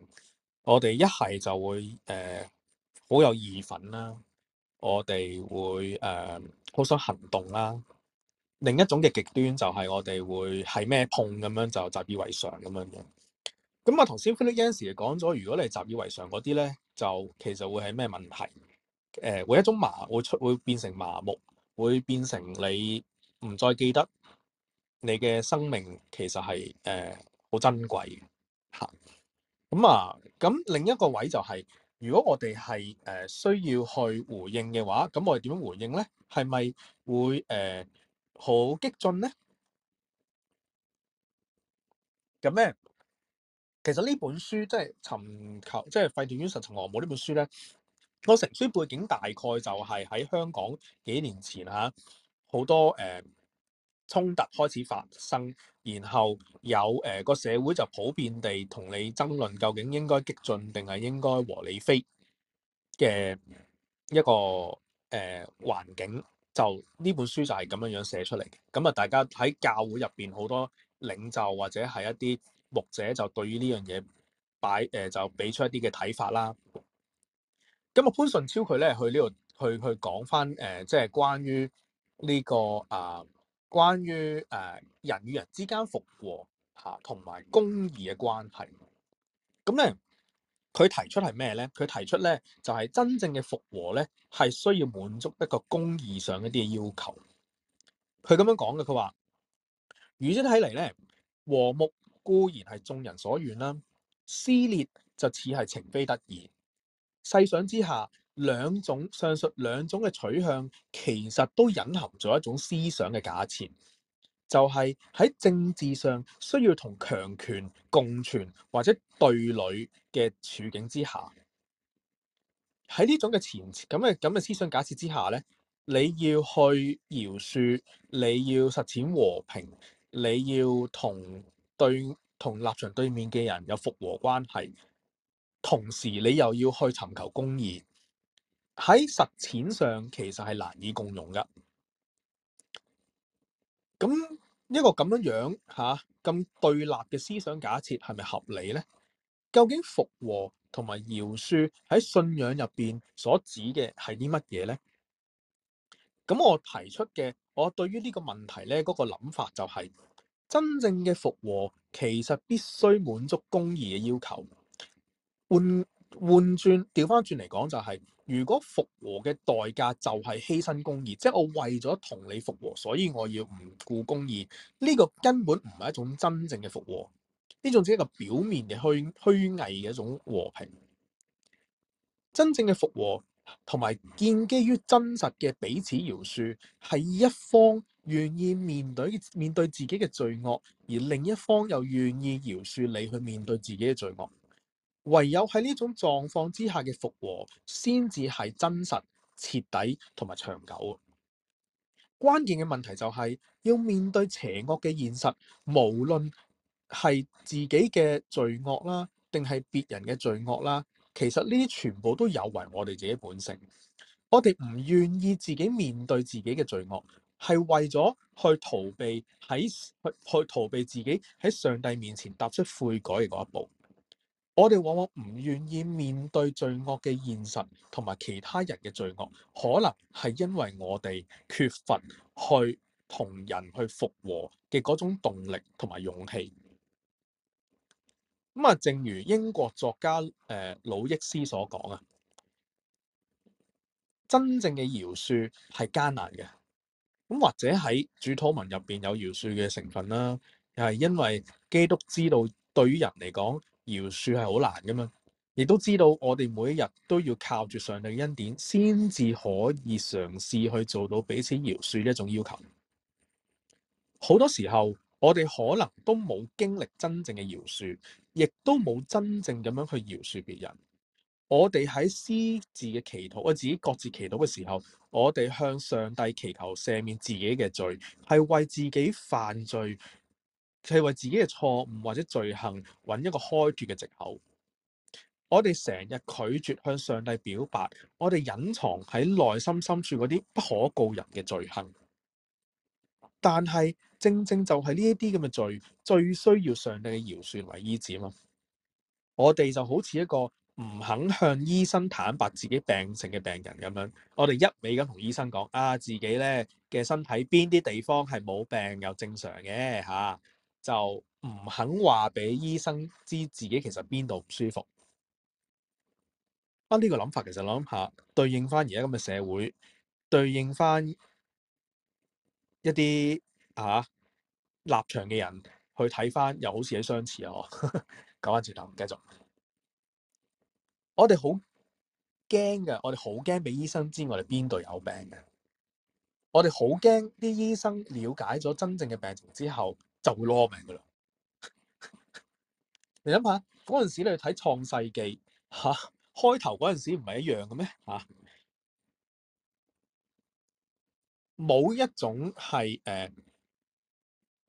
我哋一係就會誒好、呃、有義憤啦，我哋會誒好、呃、想行動啦。另一種嘅極端就係我哋會係咩痛咁樣就習以為常咁樣嘅。咁、嗯、啊，同 Stephen 嗰陣時講咗，如果你習以為常嗰啲咧，就其實會係咩問題？誒、呃，會一種麻，會出會變成麻木，會變成你唔再記得你嘅生命其實係好、呃、珍貴嘅嚇。咁啊，咁、嗯嗯嗯、另一個位就係、是，如果我哋係、呃、需要去回應嘅話，咁我哋點樣回應咧？係咪會好、呃、激進咧？咁咧？其實呢本書即係尋求，即係《廢掉冤仇，尋求和睦》呢本書咧，我成書背景大概就係喺香港幾年前嚇，好多誒衝、呃、突開始發生，然後有誒個、呃、社會就普遍地同你爭論究竟應該激進定係應該和理非嘅一個誒環、呃、境，就呢本書就係咁樣樣寫出嚟嘅。咁、嗯、啊，大家喺教會入邊好多領袖或者係一啲牧者就對於呢樣嘢擺誒就俾出一啲嘅睇法啦。咁啊潘順超佢咧去呢度去去講翻誒，即、呃、係、就是、關於呢、這個、呃於呃、人人啊，關於誒人與人之間復和嚇同埋公義嘅關係。咁咧佢提出係咩咧？佢提出咧就係真正嘅復和咧，係需要滿足一個公義上一啲嘅要求。佢咁樣講嘅，佢話如今睇嚟咧和睦。」固然係眾人所願啦，撕裂就似係情非得已。細想之下，兩種上述兩種嘅取向其實都隱含咗一種思想嘅假設，就係喺政治上需要同強權共存或者對壘嘅處境之下。喺呢種嘅前咁嘅咁嘅思想假設之下咧，你要去饒恕，你要實踐和平，你要同。對同立場對面嘅人有復和關係，同時你又要去尋求公義，喺實踐上其實係難以共用噶咁一個咁樣樣吓咁對立嘅思想假設係咪合理咧？究竟復和同埋饒恕喺信仰入邊所指嘅係啲乜嘢咧？咁我提出嘅我對於呢個問題咧嗰、那個諗法就係、是。真正嘅復和其實必須滿足公義嘅要求，換換轉調翻轉嚟講就係、是，如果復和嘅代價就係犧牲公義，即係我為咗同你復和，所以我要唔顧公義，呢、這個根本唔係一種真正嘅復和，呢種只係一個表面嘅虛虛偽嘅一種和平。真正嘅復和同埋建基於真實嘅彼此饒恕，係一方，願意面對面對自己嘅罪惡，而另一方又願意饒恕你去面對自己嘅罪惡。唯有喺呢種狀況之下嘅復和，先至係真實、徹底同埋長久。關鍵嘅問題就係要面對邪惡嘅現實，無論係自己嘅罪惡啦，定係別人嘅罪惡啦。其實呢啲全部都有違我哋自己的本性。我哋唔願意自己面對自己嘅罪惡。係為咗去逃避喺去逃避自己喺上帝面前踏出悔改嘅嗰一步，我哋往往唔願意面對罪惡嘅現實，同埋其他人嘅罪惡，可能係因為我哋缺乏去同人去復和嘅嗰種動力同埋勇氣。咁啊，正如英國作家誒魯益斯所講啊，真正嘅饒恕係艱難嘅。咁或者喺主禱文入邊有饒恕嘅成分啦，又係因為基督知道對於人嚟講饒恕係好難噶嘛，亦都知道我哋每一日都要靠住上帝嘅恩典，先至可以嘗試去做到彼此饒恕呢一種要求。好多時候我哋可能都冇經歷真正嘅饒恕，亦都冇真正咁樣去饒恕別人。我哋喺私自嘅祈禱，我自己各自祈禱嘅時候，我哋向上帝祈求赦免自己嘅罪，係為自己犯罪，係為自己嘅錯誤或者罪行揾一個開脫嘅借口。我哋成日拒絕向上帝表白，我哋隱藏喺內心深處嗰啲不可告人嘅罪行，但係正正就係呢一啲咁嘅罪，最需要上帝嘅饒恕為醫治啊！我哋就好似一個。唔肯向醫生坦白自己病情嘅病人咁樣，我哋一味咁同醫生講啊，自己咧嘅身體邊啲地方係冇病又正常嘅吓、啊，就唔肯話俾醫生知自己其實邊度唔舒服。啊，呢、這個諗法其實我諗下對應翻而家咁嘅社會，對應翻一啲吓、啊、立場嘅人去睇翻，又好似係相似啊。講翻轉頭，繼續。我哋好驚嘅，我哋好驚俾醫生知我哋邊度有病嘅。我哋好驚啲醫生了解咗真正嘅病情之後，就會攞命噶啦。 你諗下，嗰陣時你去睇《創世記》吓、啊，開頭嗰陣時唔係一樣嘅咩？吓、啊，冇一種係誒、呃，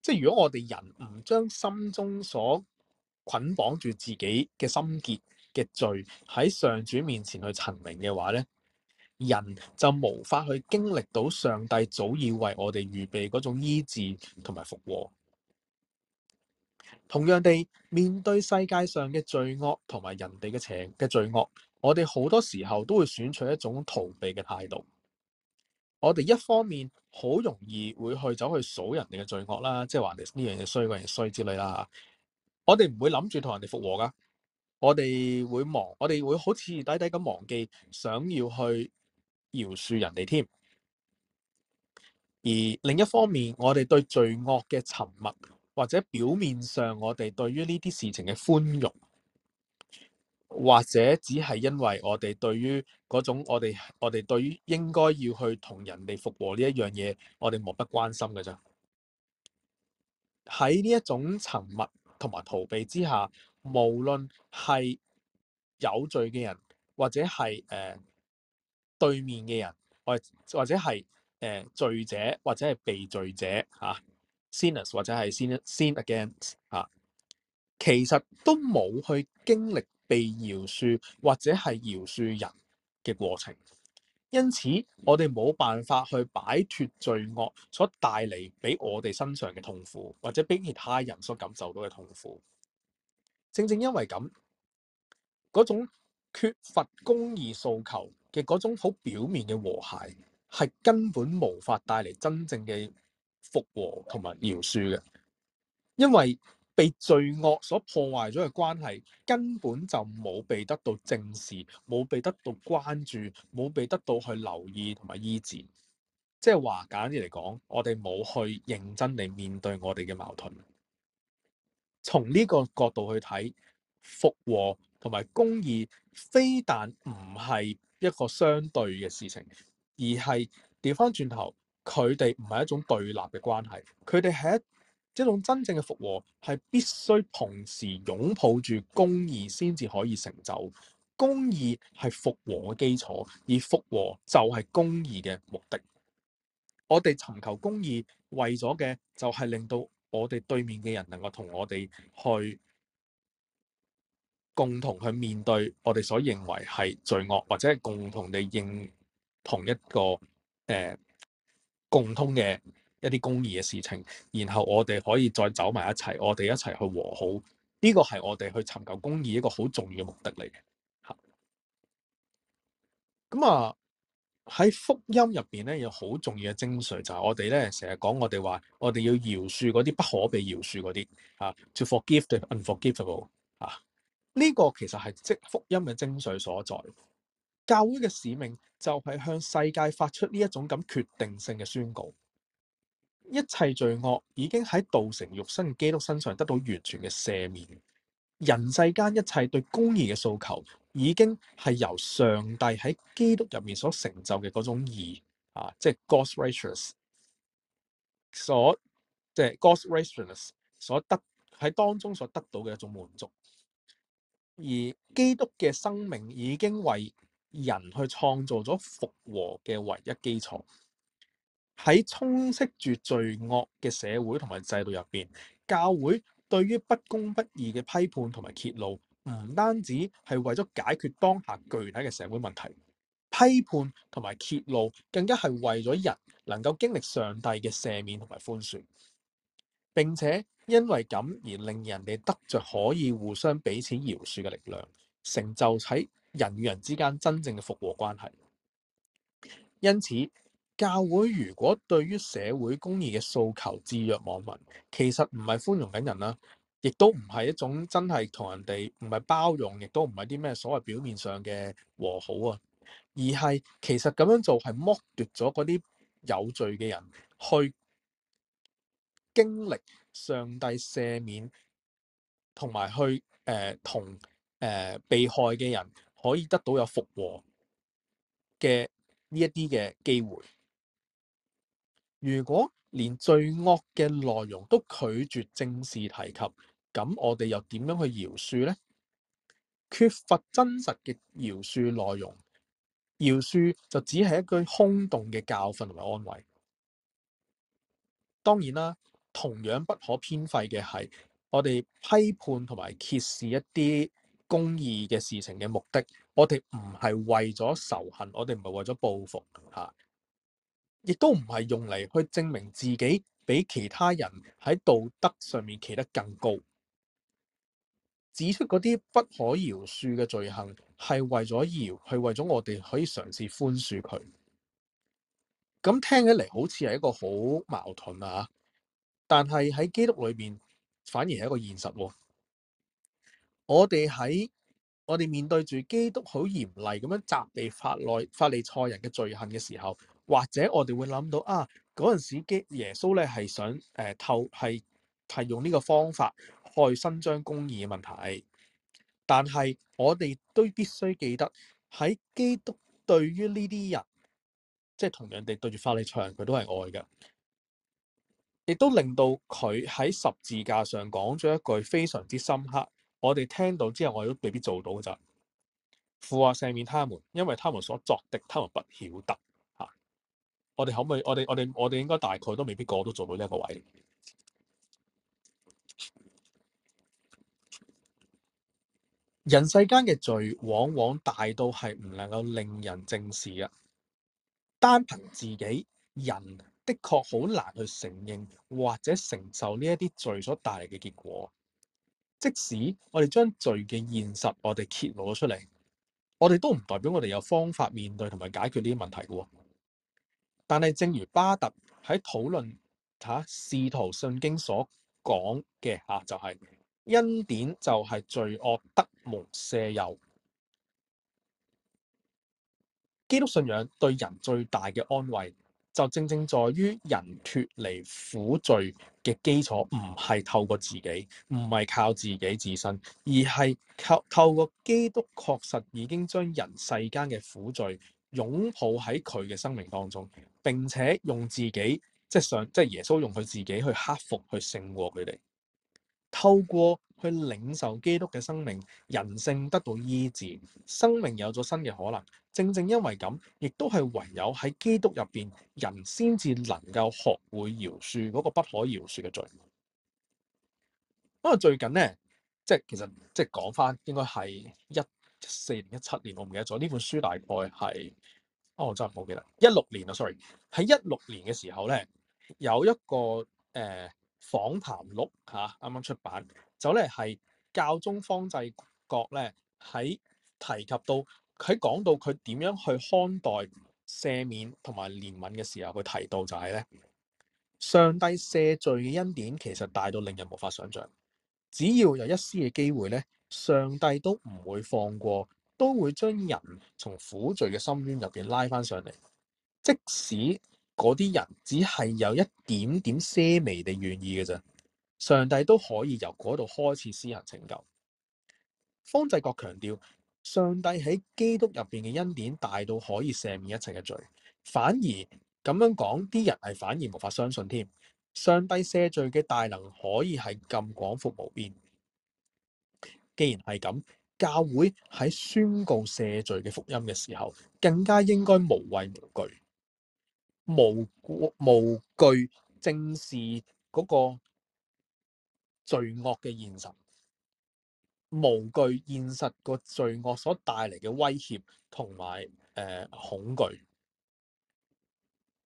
即係如果我哋人唔將心中所捆綁住自己嘅心結。嘅罪喺上主面前去陳明嘅話咧，人就無法去經歷到上帝早已為我哋預備嗰種醫治同埋復和。同樣地，面對世界上嘅罪惡同埋人哋嘅邪嘅罪惡，我哋好多時候都會選取一種逃避嘅態度。我哋一方面好容易會去走去數人哋嘅罪惡啦，即係話呢樣嘢衰，嗰樣衰之類啦。吓，我哋唔會諗住同人哋復和噶。我哋會忘，我哋會好似底底咁忘記想要去饒恕人哋添。而另一方面，我哋對罪惡嘅沉默，或者表面上我哋對於呢啲事情嘅寬容，或者只係因為我哋對於嗰種我哋我哋對於應該要去同人哋復和呢一樣嘢，我哋漠不關心嘅咋。喺呢一種沉默同埋逃避之下，無論係有罪嘅人，或者係誒、呃、對面嘅人，或或者係、呃、罪者，或者係被罪者嚇，sinus、啊、或者係 sin sin against、啊、其實都冇去經歷被饒恕或者係饒恕人嘅過程，因此我哋冇辦法去擺脱罪惡所帶嚟俾我哋身上嘅痛苦，或者俾其他人所感受到嘅痛苦。正正因為咁，嗰種缺乏公義訴求嘅嗰種好表面嘅和諧，係根本無法帶嚟真正嘅復和同埋饒恕嘅。因為被罪惡所破壞咗嘅關係，根本就冇被得到正視，冇被得到關注，冇被得到去留意同埋醫治。即係話簡單啲嚟講，我哋冇去認真地面對我哋嘅矛盾。從呢個角度去睇，復和同埋公義，非但唔係一個相對嘅事情，而係掉返轉頭，佢哋唔係一種對立嘅關係。佢哋係一種真正嘅復和，係必須同時擁抱住公義先至可以成就。公義係復和嘅基礎，而復和就係公義嘅目的。我哋尋求公義，為咗嘅就係令到，我哋對面嘅人能夠同我哋去共同去面對我哋所認為係罪惡，或者係共同地認同一個誒、呃、共通嘅一啲公義嘅事情，然後我哋可以再走埋一齊，我哋一齊去和好，呢、這個係我哋去尋求公義一個好重要嘅目的嚟嘅。嚇，咁啊～喺福音入邊咧有好重要嘅精髓，就係我哋咧成日講我哋話，我哋要饒恕嗰啲不可被饒恕嗰啲啊，to forgive the unforgivable 啊，呢個其實係即福音嘅精髓所在。教會嘅使命就係向世界發出呢一種咁決定性嘅宣告：一切罪惡已經喺道成肉身基督身上得到完全嘅赦免。人世間一切對公義嘅訴求，已經係由上帝喺基督入面所成就嘅嗰種義啊，即係 God's righteousness，所即係 God's righteousness 所得喺當中所得到嘅一種滿足。而基督嘅生命已經為人去創造咗復和嘅唯一基礎。喺充斥住罪惡嘅社會同埋制度入邊，教會。對於不公不義嘅批判同埋揭露，唔單止係為咗解決當下具體嘅社會問題，批判同埋揭露更加係為咗人能夠經歷上帝嘅赦免同埋寬恕。並且因為咁而令人哋得着可以互相彼此饒恕嘅力量，成就喺人與人之間真正嘅復和關係。因此，教會如果對於社會公義嘅訴求置若罔聞，其實唔係寬容緊人啦，亦都唔係一種真係同人哋唔係包容，亦都唔係啲咩所謂表面上嘅和好啊，而係其實咁樣做係剝奪咗嗰啲有罪嘅人去經歷上帝赦免，同埋去誒同誒被害嘅人可以得到有復和嘅呢一啲嘅機會。如果連罪惡嘅內容都拒絕正視提及，咁我哋又點樣去饒恕咧？缺乏真實嘅饒恕內容，饒恕就只係一句空洞嘅教訓同埋安慰。當然啦，同樣不可偏廢嘅係我哋批判同埋揭示一啲公義嘅事情嘅目的。我哋唔係為咗仇恨，我哋唔係為咗報復吓。亦都唔係用嚟去證明自己比其他人喺道德上面企得更高，指出嗰啲不可饒恕嘅罪行是為了，係為咗饒，係為咗我哋可以嘗試寬恕佢。咁聽起嚟好似係一個好矛盾啊！但係喺基督裏邊，反而係一個現實。我哋喺我哋面對住基督好嚴厲咁樣責備法內法利賽人嘅罪行嘅時候。或者我哋會諗到啊，嗰陣時基耶穌咧係想誒、呃、透係係用呢個方法去伸張公義嘅問題，但係我哋都必須記得喺基督對於呢啲人，即係同樣地對住法利賽人，佢都係愛嘅，亦都令到佢喺十字架上講咗一句非常之深刻。我哋聽到之後，我都未必做到嘅咋。父啊，赦免他們，因為他們所作的，他們不曉得。我哋可唔可以？我哋我哋我哋應該大概都未必個個都做到呢一個位。人世間嘅罪往往大到係唔能夠令人正視嘅。單憑自己人，的確好難去承認或者承受呢一啲罪所帶嚟嘅結果。即使我哋將罪嘅現實，我哋揭露咗出嚟，我哋都唔代表我哋有方法面對同埋解決呢啲問題嘅喎。但是正如巴特喺討論《哈、啊、使徒信經所的》所講嘅，哈就是恩典，就是罪惡得蒙赦宥。基督信仰對人最大嘅安慰，就正正在於人脫離苦罪嘅基礎，唔係透過自己，唔係靠自己自身，而係靠透透過基督，確實已經將人世間嘅苦罪。擁抱喺佢嘅生命當中，並且用自己即係上即係耶穌用佢自己去克服、去勝過佢哋，透過去領受基督嘅生命，人性得到醫治，生命有咗新嘅可能。正正因為咁，亦都係唯有喺基督入邊，人先至能夠學會饒恕嗰個不可饒恕嘅罪。不過，最近咧，即係其實即係講翻，應該係一。四年，一七年，我唔記得咗呢本書大概係，哦，真係唔好記得。一六年啊，sorry，喺一六年嘅時候咧，有一個誒、呃、訪談錄吓，啱、啊、啱出版，就咧、是、係教宗方濟各咧喺提及到，喺講到佢點樣去看待赦免同埋憐憫嘅時候，佢提到就係、是、咧，上帝赦罪嘅恩典其實大到令人無法想象，只要有一絲嘅機會咧。上帝都唔會放過，都會將人從苦罪嘅深淵入邊拉翻上嚟，即使嗰啲人只係有一點點些微地願意嘅啫，上帝都可以由嗰度開始施行拯救。方濟各強調，上帝喺基督入邊嘅恩典大到可以赦免一切嘅罪，反而咁樣講啲人係反而無法相信添，上帝赦罪嘅大能可以係咁廣闊無邊。既然係咁，教會喺宣告赦罪嘅福音嘅時候，更加應該無畏無懼，無無懼正視嗰個罪惡嘅現實，無懼現實個罪惡所帶嚟嘅威脅同埋誒恐懼，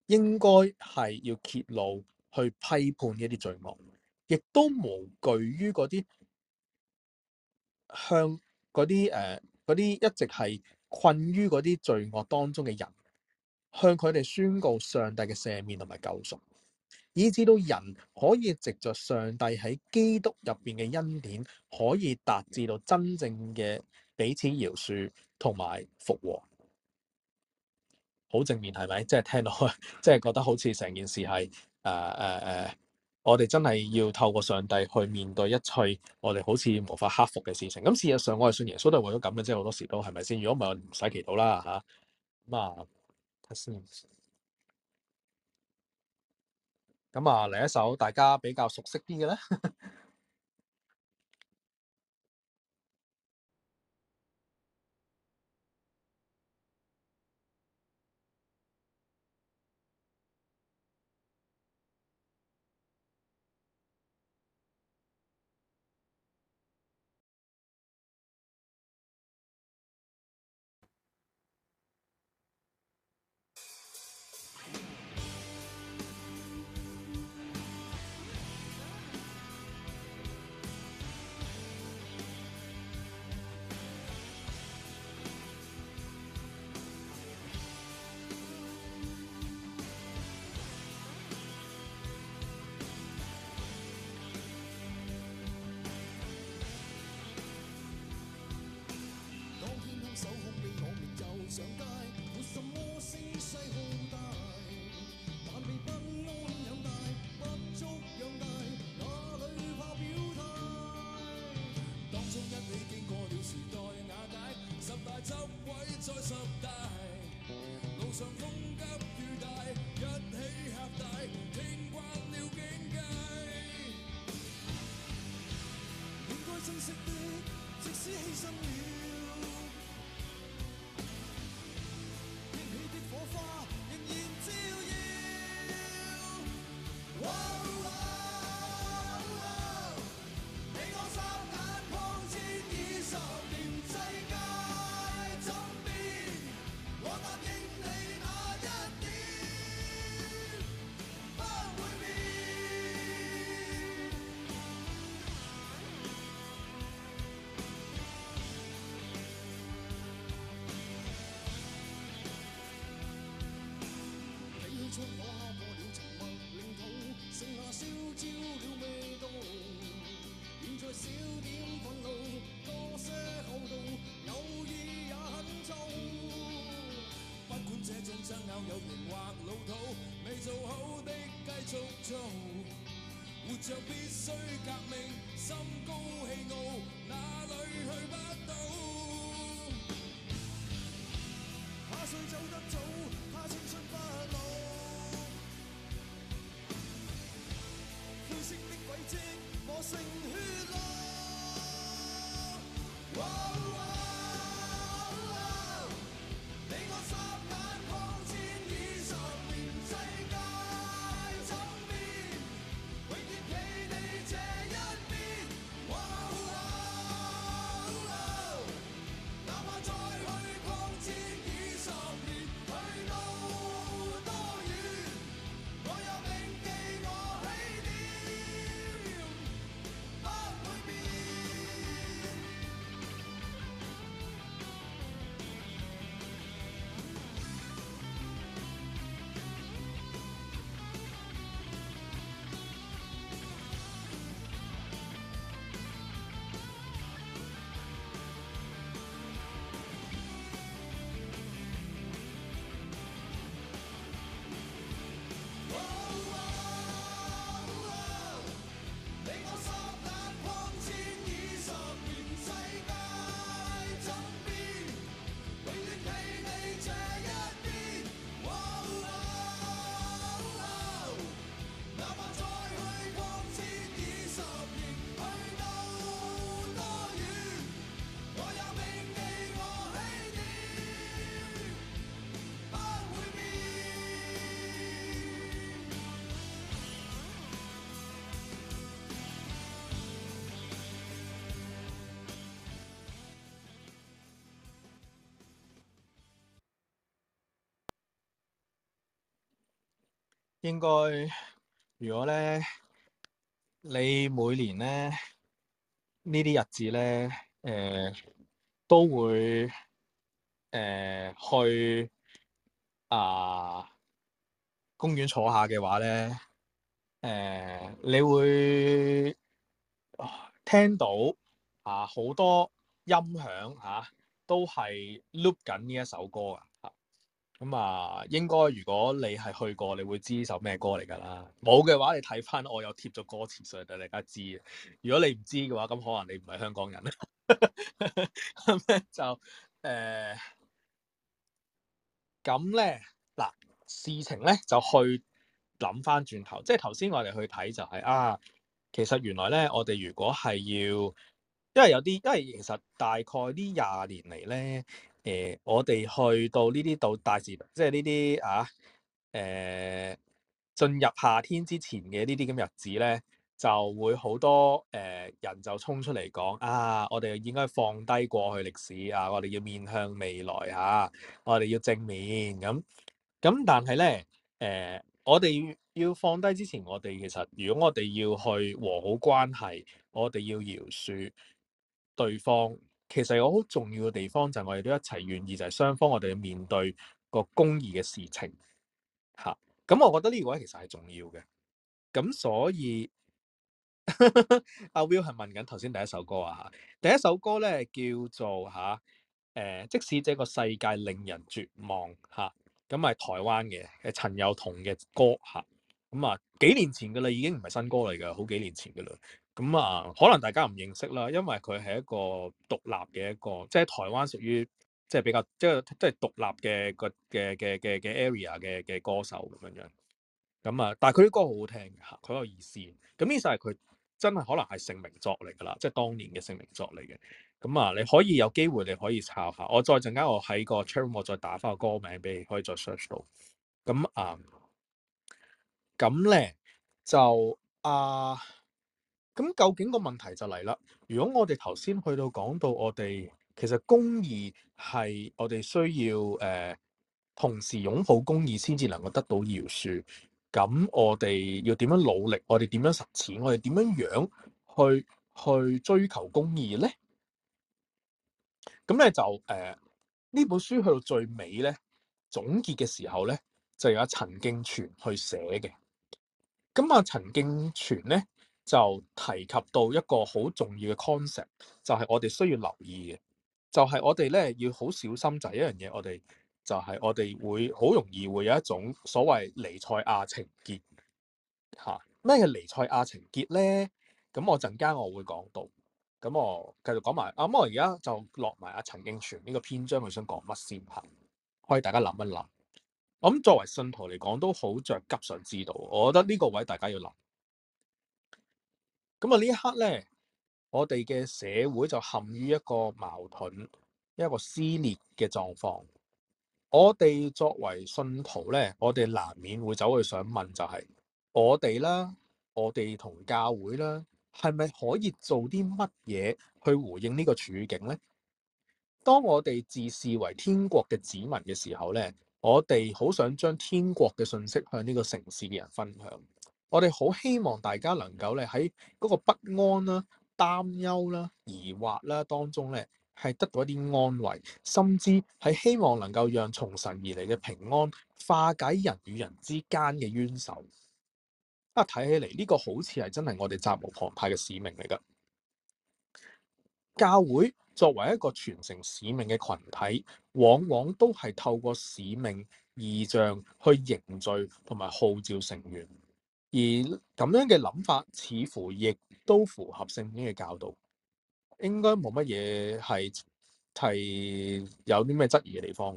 應該係要揭露去批判呢啲罪惡，亦都無懼於嗰啲。向嗰啲誒嗰啲一直係困於嗰啲罪惡當中嘅人，向佢哋宣告上帝嘅赦免同埋救贖，以至到人可以藉着上帝喺基督入邊嘅恩典，可以達至到真正嘅彼此饒恕同埋復和，好正面係咪？即係、就是、聽到，即、就、係、是、覺得好似成件事係誒誒誒。呃呃呃我哋真係要透過上帝去面對一切，我哋好似無法克服嘅事情。咁事實上，我哋信耶穌都係為咗咁嘅，即係好多時都係咪先？如果唔係，我哋唔使祈禱啦吓。咁啊，睇下先。咁啊，嚟一首大家比較熟悉啲嘅咧。
活着必須革命，心高氣傲。
應該如果咧，你每年咧呢啲日子咧、呃，都會、呃、去啊公園坐下嘅話咧、呃，你會聽到啊好多音響、啊、都係 loop 緊呢一首歌啊！咁啊，應該如果你係去過，你會知呢首咩歌嚟㗎啦。冇嘅話，你睇翻我有貼咗歌詞上，等大家知。如果你唔知嘅話，咁可能你唔係香港人、 呃、咁呢啦。咁咧就，誒，咁咧嗱，事情咧就去諗翻轉頭，即係頭先我哋去睇就係、是、啊，其實原來咧，我哋如果係要，因為有啲，因為其實大概呢廿年嚟咧。誒、呃，我哋去到呢啲度大節，即係呢啲啊，誒、呃，進入夏天之前嘅呢啲咁日子咧，就會好多誒、呃、人就衝出嚟講啊，我哋應該放低過去歷史啊，我哋要面向未來吓、啊，我哋要正面咁。咁但係咧，誒、呃，我哋要放低之前，我哋其實如果我哋要去和好關係，我哋要饒恕對方。其實有好重要嘅地方就係我哋都一齊願意，就係雙方我哋要面對個公義嘅事情嚇。咁、啊、我覺得呢個位其實係重要嘅。咁所以阿、啊、Will 係問緊頭先第一首歌啊，第一首歌咧叫做嚇誒、啊呃，即使這個世界令人絕望嚇，咁、啊、係台灣嘅嘅陳又同嘅歌嚇。咁啊，啊幾年前噶啦，已經唔係新歌嚟㗎，好幾年前噶啦。咁啊，可能大家唔認識啦，因為佢係一個獨立嘅一個，即係台灣屬於即係比較即係即係獨立嘅個嘅嘅嘅嘅 area 嘅嘅歌手咁樣樣。咁啊，但係佢啲歌好好聽嘅，佢有意思。咁呢就係佢真係可能係成名作嚟噶啦，即係當年嘅成名作嚟嘅。咁啊，你可以有機會你可以抄下。我再陣間我喺個 channel 我再打翻個歌名俾你，可以再 search 到。咁啊，咁咧就啊。咁究竟個問題就嚟啦？如果我哋頭先去到講到我哋，其實公義係我哋需要誒、呃，同時擁抱公義先至能夠得到饒恕。咁我哋要點樣努力？我哋點樣實踐？我哋點樣樣去去追求公義咧？咁咧就誒，呢、呃、本書去到最尾咧總結嘅時候咧，就有陳敬全去寫嘅。咁啊，陳敬全咧。就提及到一個好重要嘅 concept，就係、是、我哋需要留意嘅，就係、是、我哋咧要好小心仔、就是、一樣嘢，就是、我哋就係我哋會好容易會有一種所謂彌賽亞情結吓，咩係彌賽亞情結咧？咁我陣間我會講到，咁我繼續講埋，咁我而家就落埋阿陳敬全呢個篇章，佢想講乜先吓？可以大家諗一諗，咁作為信徒嚟講都好着急想知道，我覺得呢個位大家要諗。咁啊！呢一刻咧，我哋嘅社會就陷於一個矛盾、一個撕裂嘅狀況。我哋作為信徒咧，我哋難免會走去想問、就係，就係我哋啦，我哋同教會啦，係咪可以做啲乜嘢去回應呢個處境咧？當我哋自視為天國嘅子民嘅時候咧，我哋好想將天國嘅信息向呢個城市嘅人分享。我哋好希望大家能夠咧喺嗰個不安啦、擔憂啦、疑惑啦當中咧，係得到一啲安慰，甚至係希望能夠讓從神而嚟嘅平安化解人與人之間嘅冤仇。啊，睇起嚟呢個好似係真係我哋責無旁貸嘅使命嚟㗎。教會作為一個傳承使命嘅群體，往往都係透過使命異象去凝聚同埋號召成員。而咁樣嘅諗法似乎亦都符合聖經嘅教導，應該冇乜嘢係係有啲咩質疑嘅地方。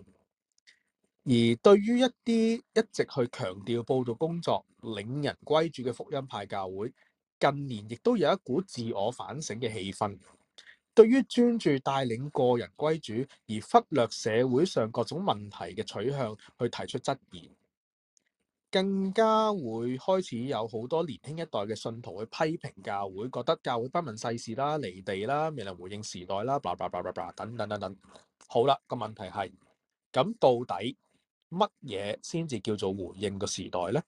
而對於一啲一直去強調布道工作、領人歸主嘅福音派教會，近年亦都有一股自我反省嘅氣氛，對於專注帶領個人歸主而忽略社會上各種問題嘅取向，去提出質疑。更加會開始有好多年輕一代嘅信徒去批評教會，覺得教會不問世事啦、離地啦、未能回應時代啦、blah blah blah blah blah 等等等等。好啦，個問題係，咁到底乜嘢先至叫做回應個時代咧？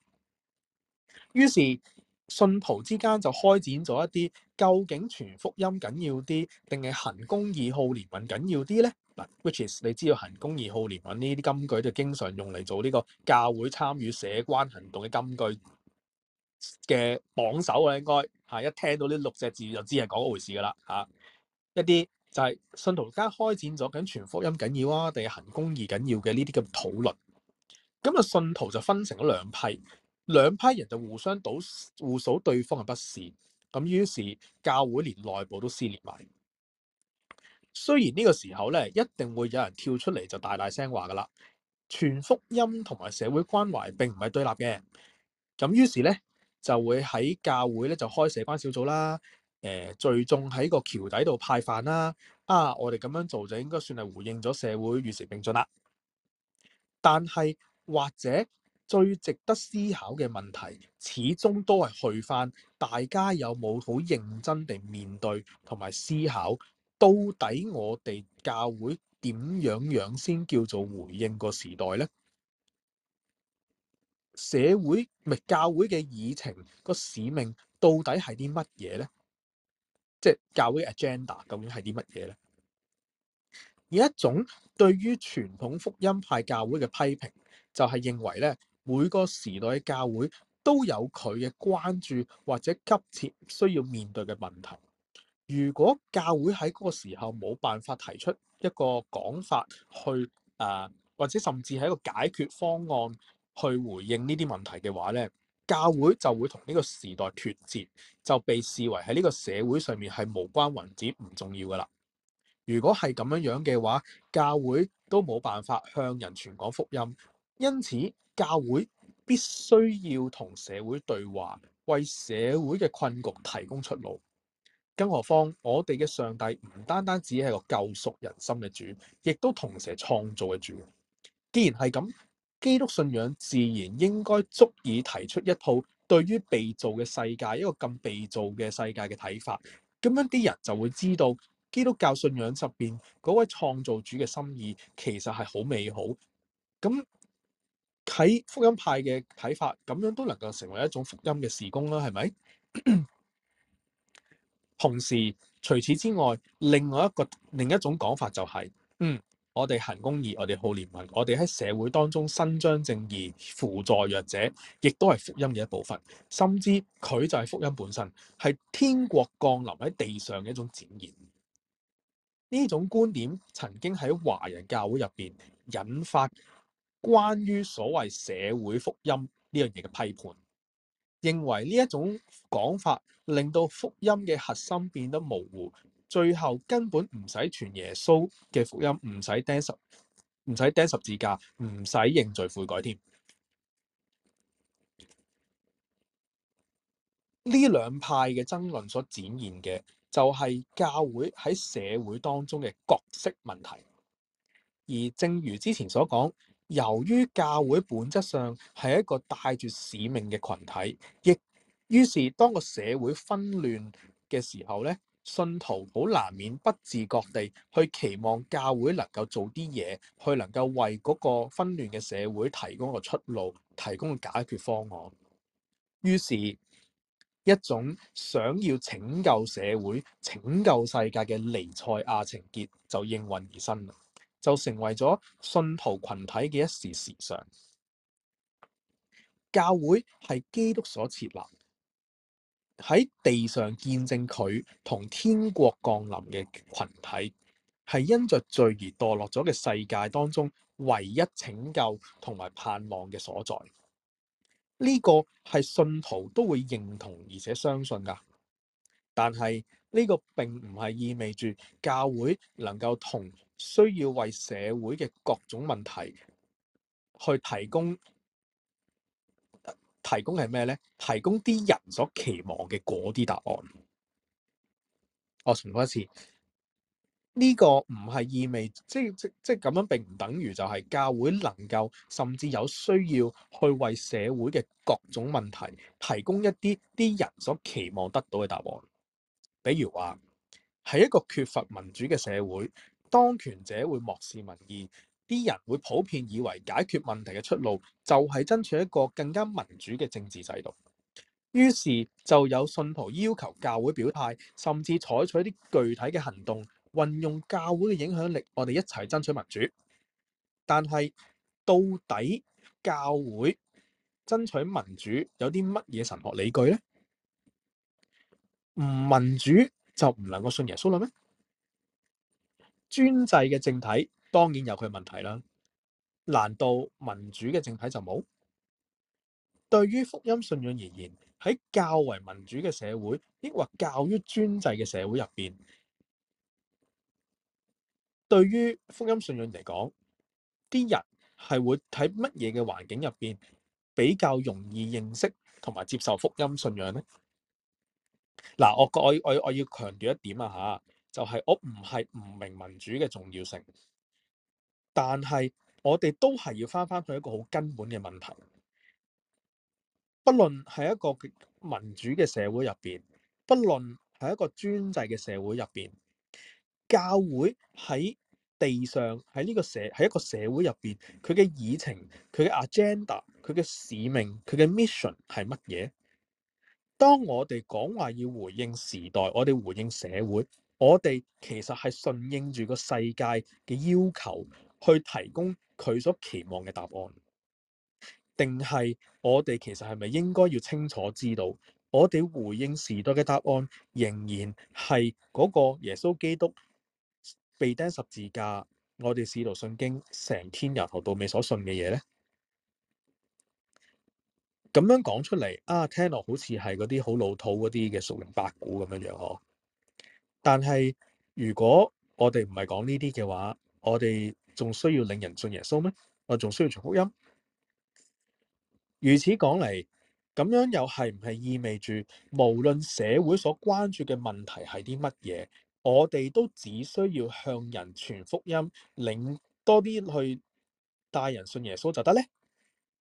於是信徒之間就開展咗一啲。究竟傳福音緊要啲，定係行公義、好憐憫緊要啲咧？嗱，which is 你知道行公義、好憐憫呢啲金句就經常用嚟做呢個教會參與社關行動嘅金句嘅榜首啊，應該嚇一聽到呢六隻字就知係講嗰回事噶啦嚇。一啲就係信徒而家開展咗，緊傳福音緊要啊，定係行公義緊要嘅呢啲咁討論。咁啊，信徒就分成咗兩批，兩批人就互相倒互數對方嘅不是。咁於是教會連內部都撕裂埋。雖然呢個時候咧，一定會有人跳出嚟就大大聲話噶啦，全福音同埋社會關懷並唔係對立嘅。咁於是咧就會喺教會咧就開社關小組啦。誒，最終喺個橋底度派飯啦。啊，我哋咁樣做就應該算係回應咗社會與時並進啦。但係或者，最值得思考嘅問題，始終都係去翻大家有冇好認真地面對同埋思考，到底我哋教會點樣樣先叫做回應個時代呢？社會咪教會嘅議程個使命，到底係啲乜嘢呢？即係教會 agenda 究竟係啲乜嘢呢？有一種對於傳統福音派教會嘅批評，就係認為呢。每個時代嘅教會都有佢嘅關注或者急切需要面對嘅問題。如果教會喺嗰個時候冇辦法提出一個講法去啊、呃，或者甚至係一個解決方案去回應呢啲問題嘅話咧，教會就會同呢個時代脫節，就被視為喺呢個社會上面係無關宏旨、唔重要噶啦。如果係咁樣樣嘅話，教會都冇辦法向人傳講福音，因此。教會必須要同社會對話，為社會嘅困局提供出路。更何況我哋嘅上帝唔單單只係個救贖人心嘅主，亦都同時係創造嘅主。既然係咁，基督信仰自然應該足以提出一套對於被造嘅世界一個咁被造嘅世界嘅睇法。咁樣啲人就會知道，基督教信仰入邊嗰位創造主嘅心意其實係好美好。咁喺福音派嘅睇法，咁樣都能夠成為一種福音嘅事工啦，係咪？同時除此之外，另外一個另一種講法就係、是，嗯，我哋行公義，我哋好憐憫，我哋喺社會當中伸張正義、扶助弱者，亦都係福音嘅一部分，甚至佢就係福音本身，係天國降臨喺地上嘅一種展現。呢種觀點曾經喺華人教會入邊引發。關於所謂社會福音呢樣嘢嘅批判，認為呢一種講法令到福音嘅核心變得模糊，最後根本唔使傳耶穌嘅福音，唔使釘十，唔使釘十字架，唔使認罪悔改添。呢兩派嘅爭論所展現嘅，就係教會喺社會當中嘅角色問題。而正如之前所講。由於教會本質上係一個帶住使命嘅群體，亦於是當個社會紛亂嘅時候咧，信徒好難免不自覺地去期望教會能夠做啲嘢，去能夠為嗰個紛亂嘅社會提供個出路，提供個解決方案。於是，一種想要拯救社會、拯救世界嘅彌賽亞情結就應運而生啦。就成為咗信徒群體嘅一時時尚。教會係基督所設立，喺地上見證佢同天國降臨嘅群體，係因着罪而墮落咗嘅世界當中唯一拯救同埋盼望嘅所在。呢個係信徒都會認同而且相信噶。但係呢個並唔係意味住教會能夠同。需要為社會嘅各種問題去提供，提供係咩咧？提供啲人所期望嘅嗰啲答案。我重複一次，呢個唔係意味即即即咁樣，並唔等於就係教會能夠甚至有需要去為社會嘅各種問題提供一啲啲人所期望得到嘅答案。比如話，係一個缺乏民主嘅社會。當權者會漠視民意，啲人會普遍以為解決問題嘅出路就係爭取一個更加民主嘅政治制度。於是就有信徒要求教會表態，甚至採取啲具體嘅行動，運用教會嘅影響力，我哋一齊爭取民主。但係到底教會爭取民主有啲乜嘢神學理據呢？唔民主就唔能夠信耶穌了咩？專制嘅政體當然有佢問題啦，難道民主嘅政體就冇？對於福音信仰而言，喺較為民主嘅社會，抑或較於專制嘅社會入邊，對於福音信仰嚟講，啲人係會喺乜嘢嘅環境入邊比較容易認識同埋接受福音信仰咧？嗱，我我我我要強調一點啊，吓。就係我唔係唔明民主嘅重要性，但係我哋都係要翻返去一個好根本嘅問題。不論係一個民主嘅社會入邊，不論係一個專制嘅社會入邊，教會喺地上，喺呢個社喺一個社會入邊，佢嘅議程、佢嘅 agenda、佢嘅使命、佢嘅 mission 係乜嘢？當我哋講話要回應時代，我哋回應社會。我哋其實係順應住個世界嘅要求去提供佢所期望嘅答案，定係我哋其實係咪應該要清楚知道，我哋回應時代嘅答案仍然係嗰個耶穌基督被釘十字架，我哋使徒信經成天由頭到尾所信嘅嘢咧？咁樣講出嚟啊，聽落好似係嗰啲好老土嗰啲嘅熟齡八股咁樣樣，嗬？但係，如果我哋唔係講呢啲嘅話，我哋仲需要領人信耶穌咩？我仲需要傳福音？如此講嚟，咁樣又係唔係意味住，無論社會所關注嘅問題係啲乜嘢，我哋都只需要向人傳福音，領多啲去帶人信耶穌就得呢？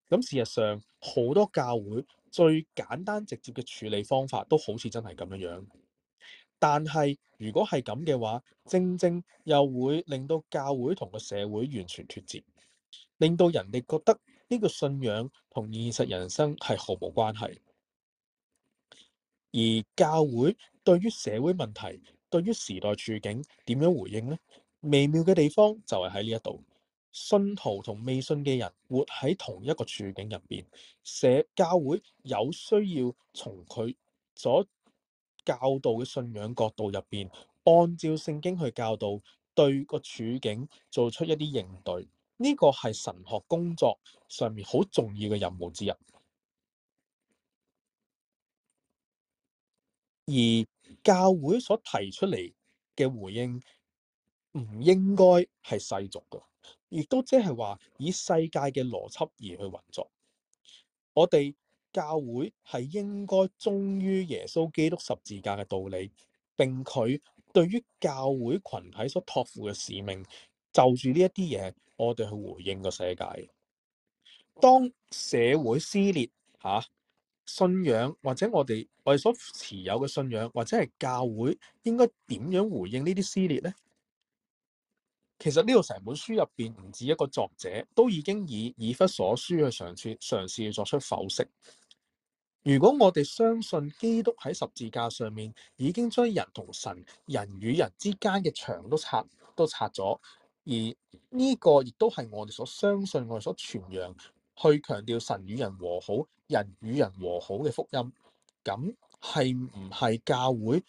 咁事實上，好多教會最簡單直接嘅處理方法，都好似真係咁樣樣。但係，如果係咁嘅話，正正又會令到教會同個社會完全脫節，令到人哋覺得呢個信仰同現實人生係毫無關係。而教會對於社會問題、對於時代處境點樣回應呢？微妙嘅地方就係喺呢一度，信徒同未信嘅人活喺同一個處境入邊，社教會有需要從佢所。教導嘅信仰角度入邊，按照聖經去教導，對個處境做出一啲應對，呢個係神學工作上面好重要嘅任務之一。而教會所提出嚟嘅回應，唔應該係世俗嘅，亦都即係話以世界嘅邏輯而去運作，我哋。教會係應該忠於耶穌基督十字架嘅道理，並佢對於教會群體所託付嘅使命，就住呢一啲嘢，我哋去回應個世界。當社會撕裂吓、啊，信仰或者我哋我哋所持有嘅信仰，或者係教會應該點樣回應呢啲撕裂咧？其實呢度成本書入邊唔止一個作者都已經以以弗所書去嘗試嘗試去作出剖析。如果我哋相信基督喺十字架上面已經將人同神、人與人之間嘅牆都拆都拆咗，而呢個亦都係我哋所相信、我哋所傳揚去強調神與人和好、人與人和好嘅福音，咁係唔係教會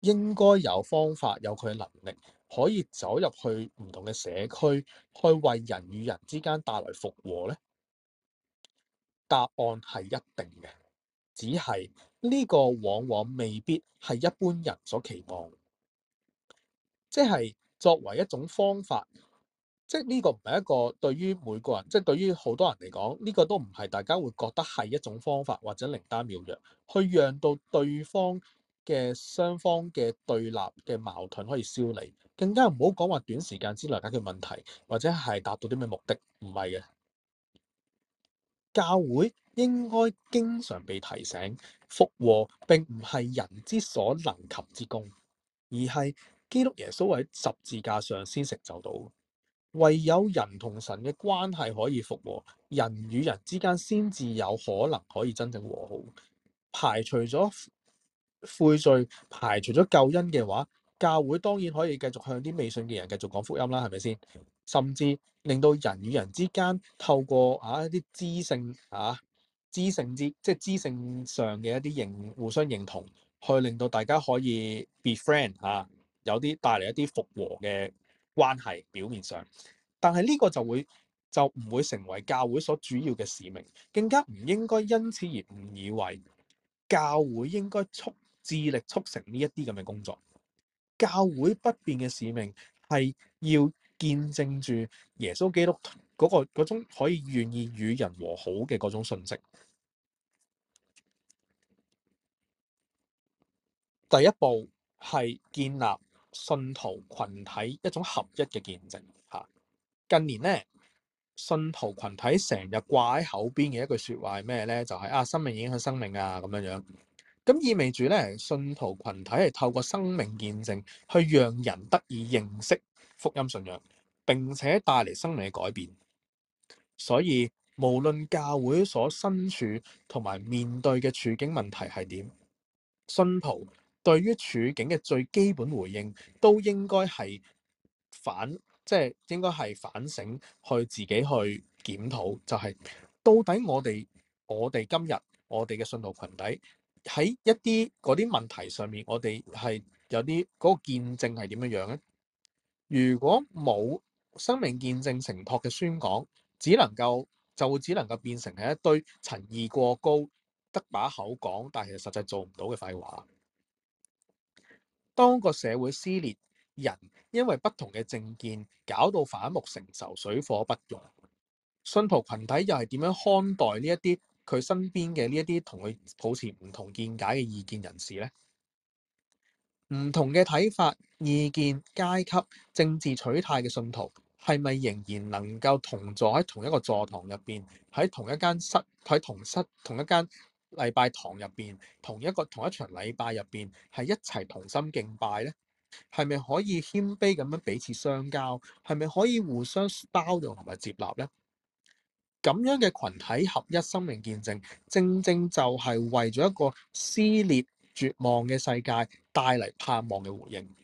應該有方法、有佢嘅能力，可以走入去唔同嘅社區，去為人與人之間帶來復和咧？答案係一定嘅。只係呢個往往未必係一般人所期望，即係作為一種方法，即係呢個唔係一個對於每個人，即係對於好多人嚟講，呢個都唔係大家會覺得係一種方法或者靈丹妙藥，去讓到對方嘅雙方嘅對立嘅矛盾可以消弭，更加唔好講話短時間之內解決問題或者係達到啲咩目的，唔係嘅。教會應該經常被提醒，復和並唔係人之所能及之功，而係基督耶穌喺十字架上先成就到。唯有人同神嘅關係可以復和，人與人之間先至有可能可以真正和好。排除咗悔罪、排除咗救恩嘅話，教會當然可以繼續向啲未信嘅人繼續講福音啦，係咪先？甚至令到人與人之間透過啊一啲知性啊知性之即係知性上嘅一啲認互相認同，去令到大家可以 be friend、啊、有啲帶嚟一啲復和嘅關係。表面上，但係呢個就會就唔會成為教會所主要嘅使命，更加唔應該因此而誤以為教會應該促致力促成呢一啲咁嘅工作。教會不變嘅使命係要。見證住耶穌基督嗰個種可以願意與人和好嘅嗰種信息。第一步係建立信徒群體一種合一嘅見證。吓，近年咧，信徒群體成日掛喺口邊嘅一句說話係咩咧？就係、是、啊，生命影響生命啊，咁樣樣。咁意味住咧，信徒群體係透過生命見證去讓人得以認識福音信仰。並且帶嚟生命嘅改變，所以無論教會所身處同埋面對嘅處境問題係點，信徒對於處境嘅最基本回應都應該係反，即係應該係反省去自己去檢討，就係到底我哋我哋今日我哋嘅信徒群體喺一啲嗰啲問題上面，我哋係有啲嗰個見證係點樣樣咧？如果冇。生命見證承托嘅宣講，只能夠就只能夠變成係一堆陳義過高、得把口講，但係實際做唔到嘅廢話。當個社會撕裂人，人因為不同嘅政見搞到反目成仇、水火不容，信徒群體又係點樣看待呢一啲佢身邊嘅呢一啲同佢抱持唔同見解嘅意見人士呢？唔同嘅睇法、意見、階級、政治取態嘅信徒。係咪仍然能夠同坐喺同一個座堂入邊，喺同一間室，喺同室同一間禮拜堂入邊，同一個同一場禮拜入邊，係一齊同心敬拜咧？係咪可以謙卑咁樣彼此相交？係咪可以互相包容同埋接納咧？咁樣嘅群體合一心靈見證，正正就係為咗一個撕裂絕望嘅世界帶嚟盼望嘅回應。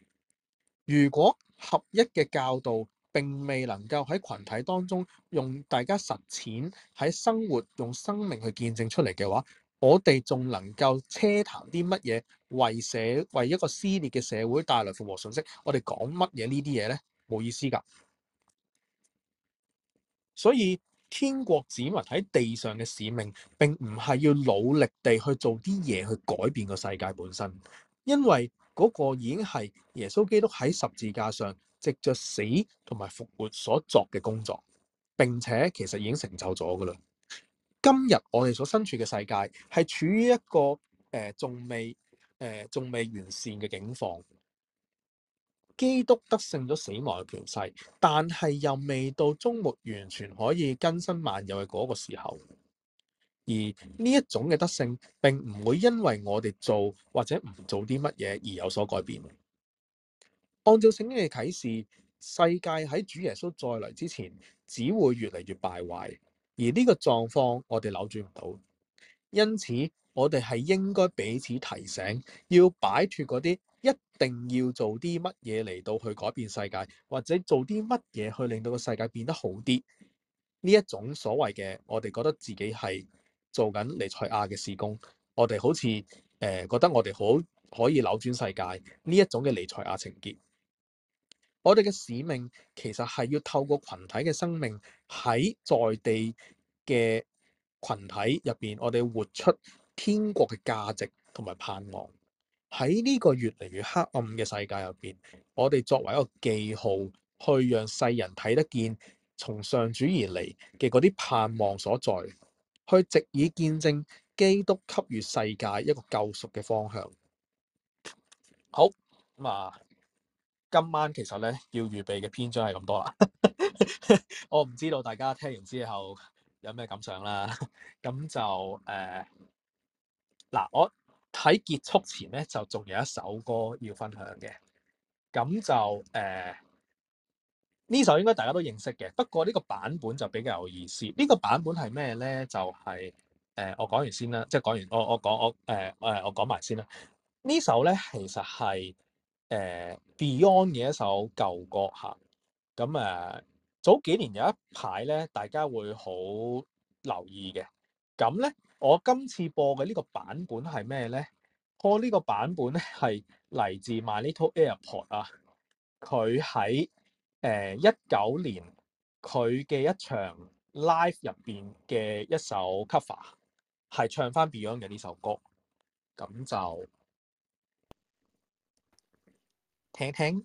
如果合一嘅教導，並未能夠喺群體當中用大家實踐喺生活用生命去見證出嚟嘅話，我哋仲能夠奢談啲乜嘢為社為一個撕裂嘅社會帶來復和信息？我哋講乜嘢呢啲嘢呢？冇意思噶。所以天國子民喺地上嘅使命，並唔係要努力地去做啲嘢去改變個世界本身，因為。嗰個已經係耶穌基督喺十字架上藉着死同埋復活所作嘅工作，並且其實已經成就咗噶啦。今日我哋所身處嘅世界係處於一個誒仲未誒仲未完善嘅境況，基督得勝咗死亡嘅權勢，但係又未到終末完全可以更新萬有嘅嗰個時候。而呢一種嘅德性並唔會因為我哋做或者唔做啲乜嘢而有所改變。按照聖經嘅啟示，世界喺主耶穌再嚟之前，只會越嚟越敗壞，而呢個狀況我哋扭轉唔到。因此，我哋係應該彼此提醒，要擺脫嗰啲一定要做啲乜嘢嚟到去改變世界，或者做啲乜嘢去令到個世界變得好啲。呢一種所謂嘅，我哋覺得自己係。做緊彌賽亞嘅事工，我哋好似誒、呃、覺得我哋好可以扭轉世界呢一種嘅彌賽亞情結。我哋嘅使命其實係要透過群體嘅生命喺在，在地嘅群體入邊，我哋活出天國嘅價值同埋盼望。喺呢個越嚟越黑暗嘅世界入邊，我哋作為一個記號，去讓世人睇得見從上主而嚟嘅嗰啲盼望所在。去直以見證基督給予世界一個救贖嘅方向。好，咁啊，今晚其實咧要預備嘅篇章係咁多啦。 我唔知道大家聽完之後有咩感想啦。咁就誒，嗱、呃，我睇結束前咧就仲有一首歌要分享嘅。咁就誒。呃呢首應該大家都認識嘅，不過呢個版本就比較有意思。呢、這個版本係咩咧？就係、是、誒、呃，我講完先啦，即係講完我我講我誒誒，我講埋、呃呃、先啦。首呢首咧其實係誒、呃、Beyond 嘅一首舊歌嚇。咁誒、嗯、早幾年有一排咧，大家會好留意嘅。咁、嗯、咧，我今次播嘅呢個版本係咩咧？我呢個版本咧係嚟自 My Little Airport 啊，佢喺 uh, 一九年佢嘅一場 live 入邊嘅一首 cover 係唱翻 Beyond 嘅呢首歌，咁就聽聽。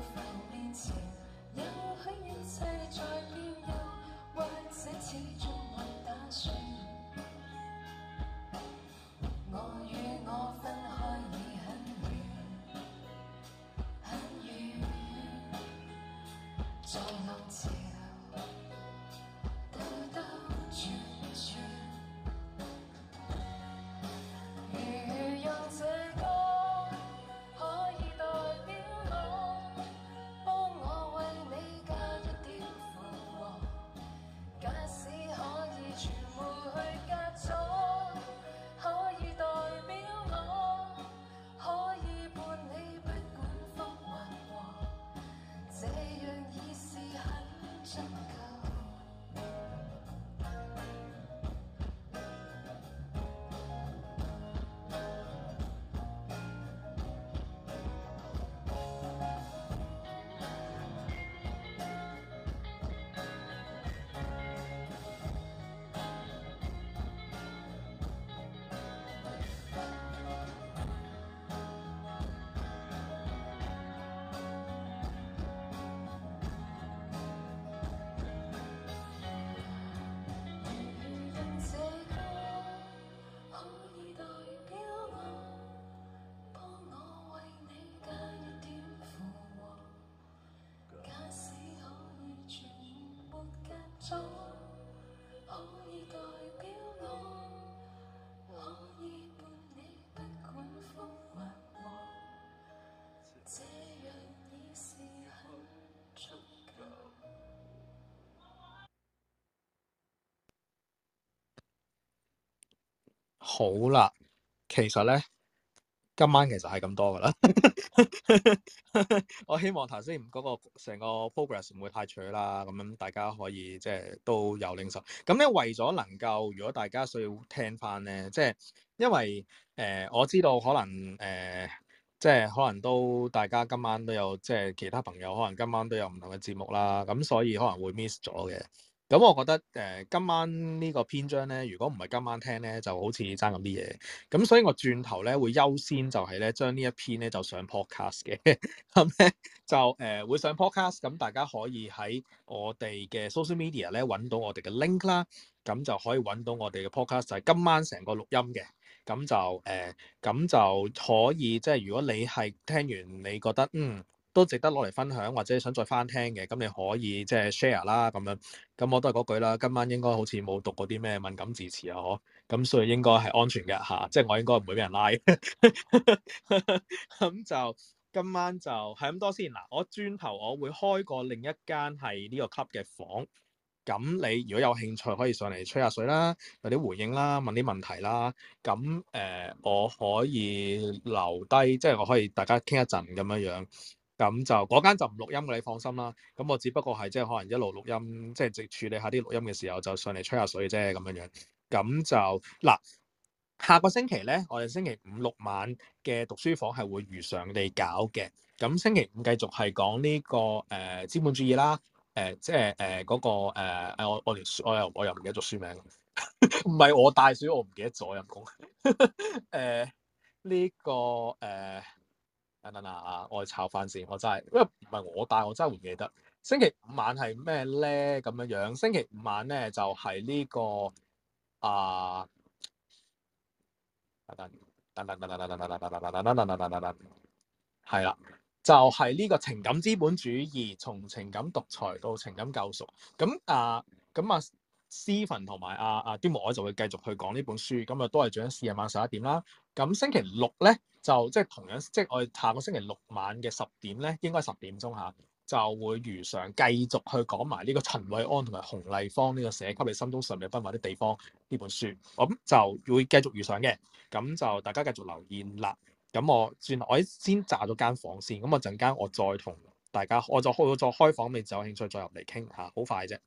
好啦，其實咧，今晚其實係咁多噶啦。 我希望頭先嗰個成個 progress 唔會太取啦，咁樣大家可以即係都有領受。咁咧，為咗能夠，如果大家需要聽翻咧，即係因為、呃、我知道可能、呃、即係可能都大家今晚都有即係其他朋友可能今晚都有唔同嘅節目啦，咁所以可能會 miss 咗嘅。咁我覺得誒、呃、今晚呢個篇章咧，如果唔係今晚聽咧，就好似爭咁啲嘢。咁所以我轉頭咧會優先就係咧將呢將一篇咧就上 podcast 嘅。咁 咧就誒、呃、會上 podcast，咁大家可以喺我哋嘅 social media 咧揾到我哋嘅 link 啦，咁就可以揾到我哋嘅 podcast，就係今晚成個錄音嘅。咁就誒，咁、呃、就可以即係如果你係聽完，你覺得嗯，都值得攞嚟分享，或者想再翻聽嘅，咁你可以即係 share 啦，咁樣。咁我都係嗰句啦，今晚應該好似冇讀過啲咩敏感字詞啊，嗬。咁所以應該係安全嘅吓，即、啊、係、就是、我應該唔會俾人拉。咁 就今晚就係咁多先嗱，我轉頭我會開過另一間係呢個級嘅房，咁你如果有興趣可以上嚟吹下水啦，有啲回應啦，問啲問題啦。咁誒、呃，我可以留低，即、就、係、是、我可以大家傾一陣咁樣樣。咁就嗰間就唔錄音嘅，你放心啦。咁我只不過係即係可能一路錄音，即係凈處理下啲錄音嘅時候就上嚟吹下水啫咁樣樣。咁就嗱，下個星期咧，我哋星期五六晚嘅讀書房係會如常地搞嘅。咁星期五繼續係講呢、呢個誒、呃、資本主義啦。誒即係誒嗰個誒、呃、我我連我又我又唔記得咗書名，唔 係我大水，我唔記得咗又工。講 呢、呃呢個誒。呃等等啦，我炒飯先，我真係，因為唔係我帶，我真係唔記得。星期五晚係咩咧？咁樣樣，星期五晚咧就係、是、呢、這個啊，等等，等等，等等，等等，等等，等等，等等，係啦，就係、是、呢個情感資本主義，從情感獨裁到情感救贖。咁、嗯嗯、啊，咁啊，Stephen 同埋啊啊端木，我就會繼續去講呢本書。咁啊，都係做緊四日晚十一點啦。咁星期六咧？就即係同樣，即係我哋下個星期六晚嘅十點咧，應該十點鐘下就會如常繼續去講埋呢個陳慧安同埋洪麗芳呢個寫給你心中上美分畫啲地方呢本書，咁就會繼續如常嘅，咁就大家繼續留言啦。咁我轉我先炸咗間房先，咁我陣間我再同大家，我就開再開房，咪就有興趣再入嚟傾嚇，好快啫。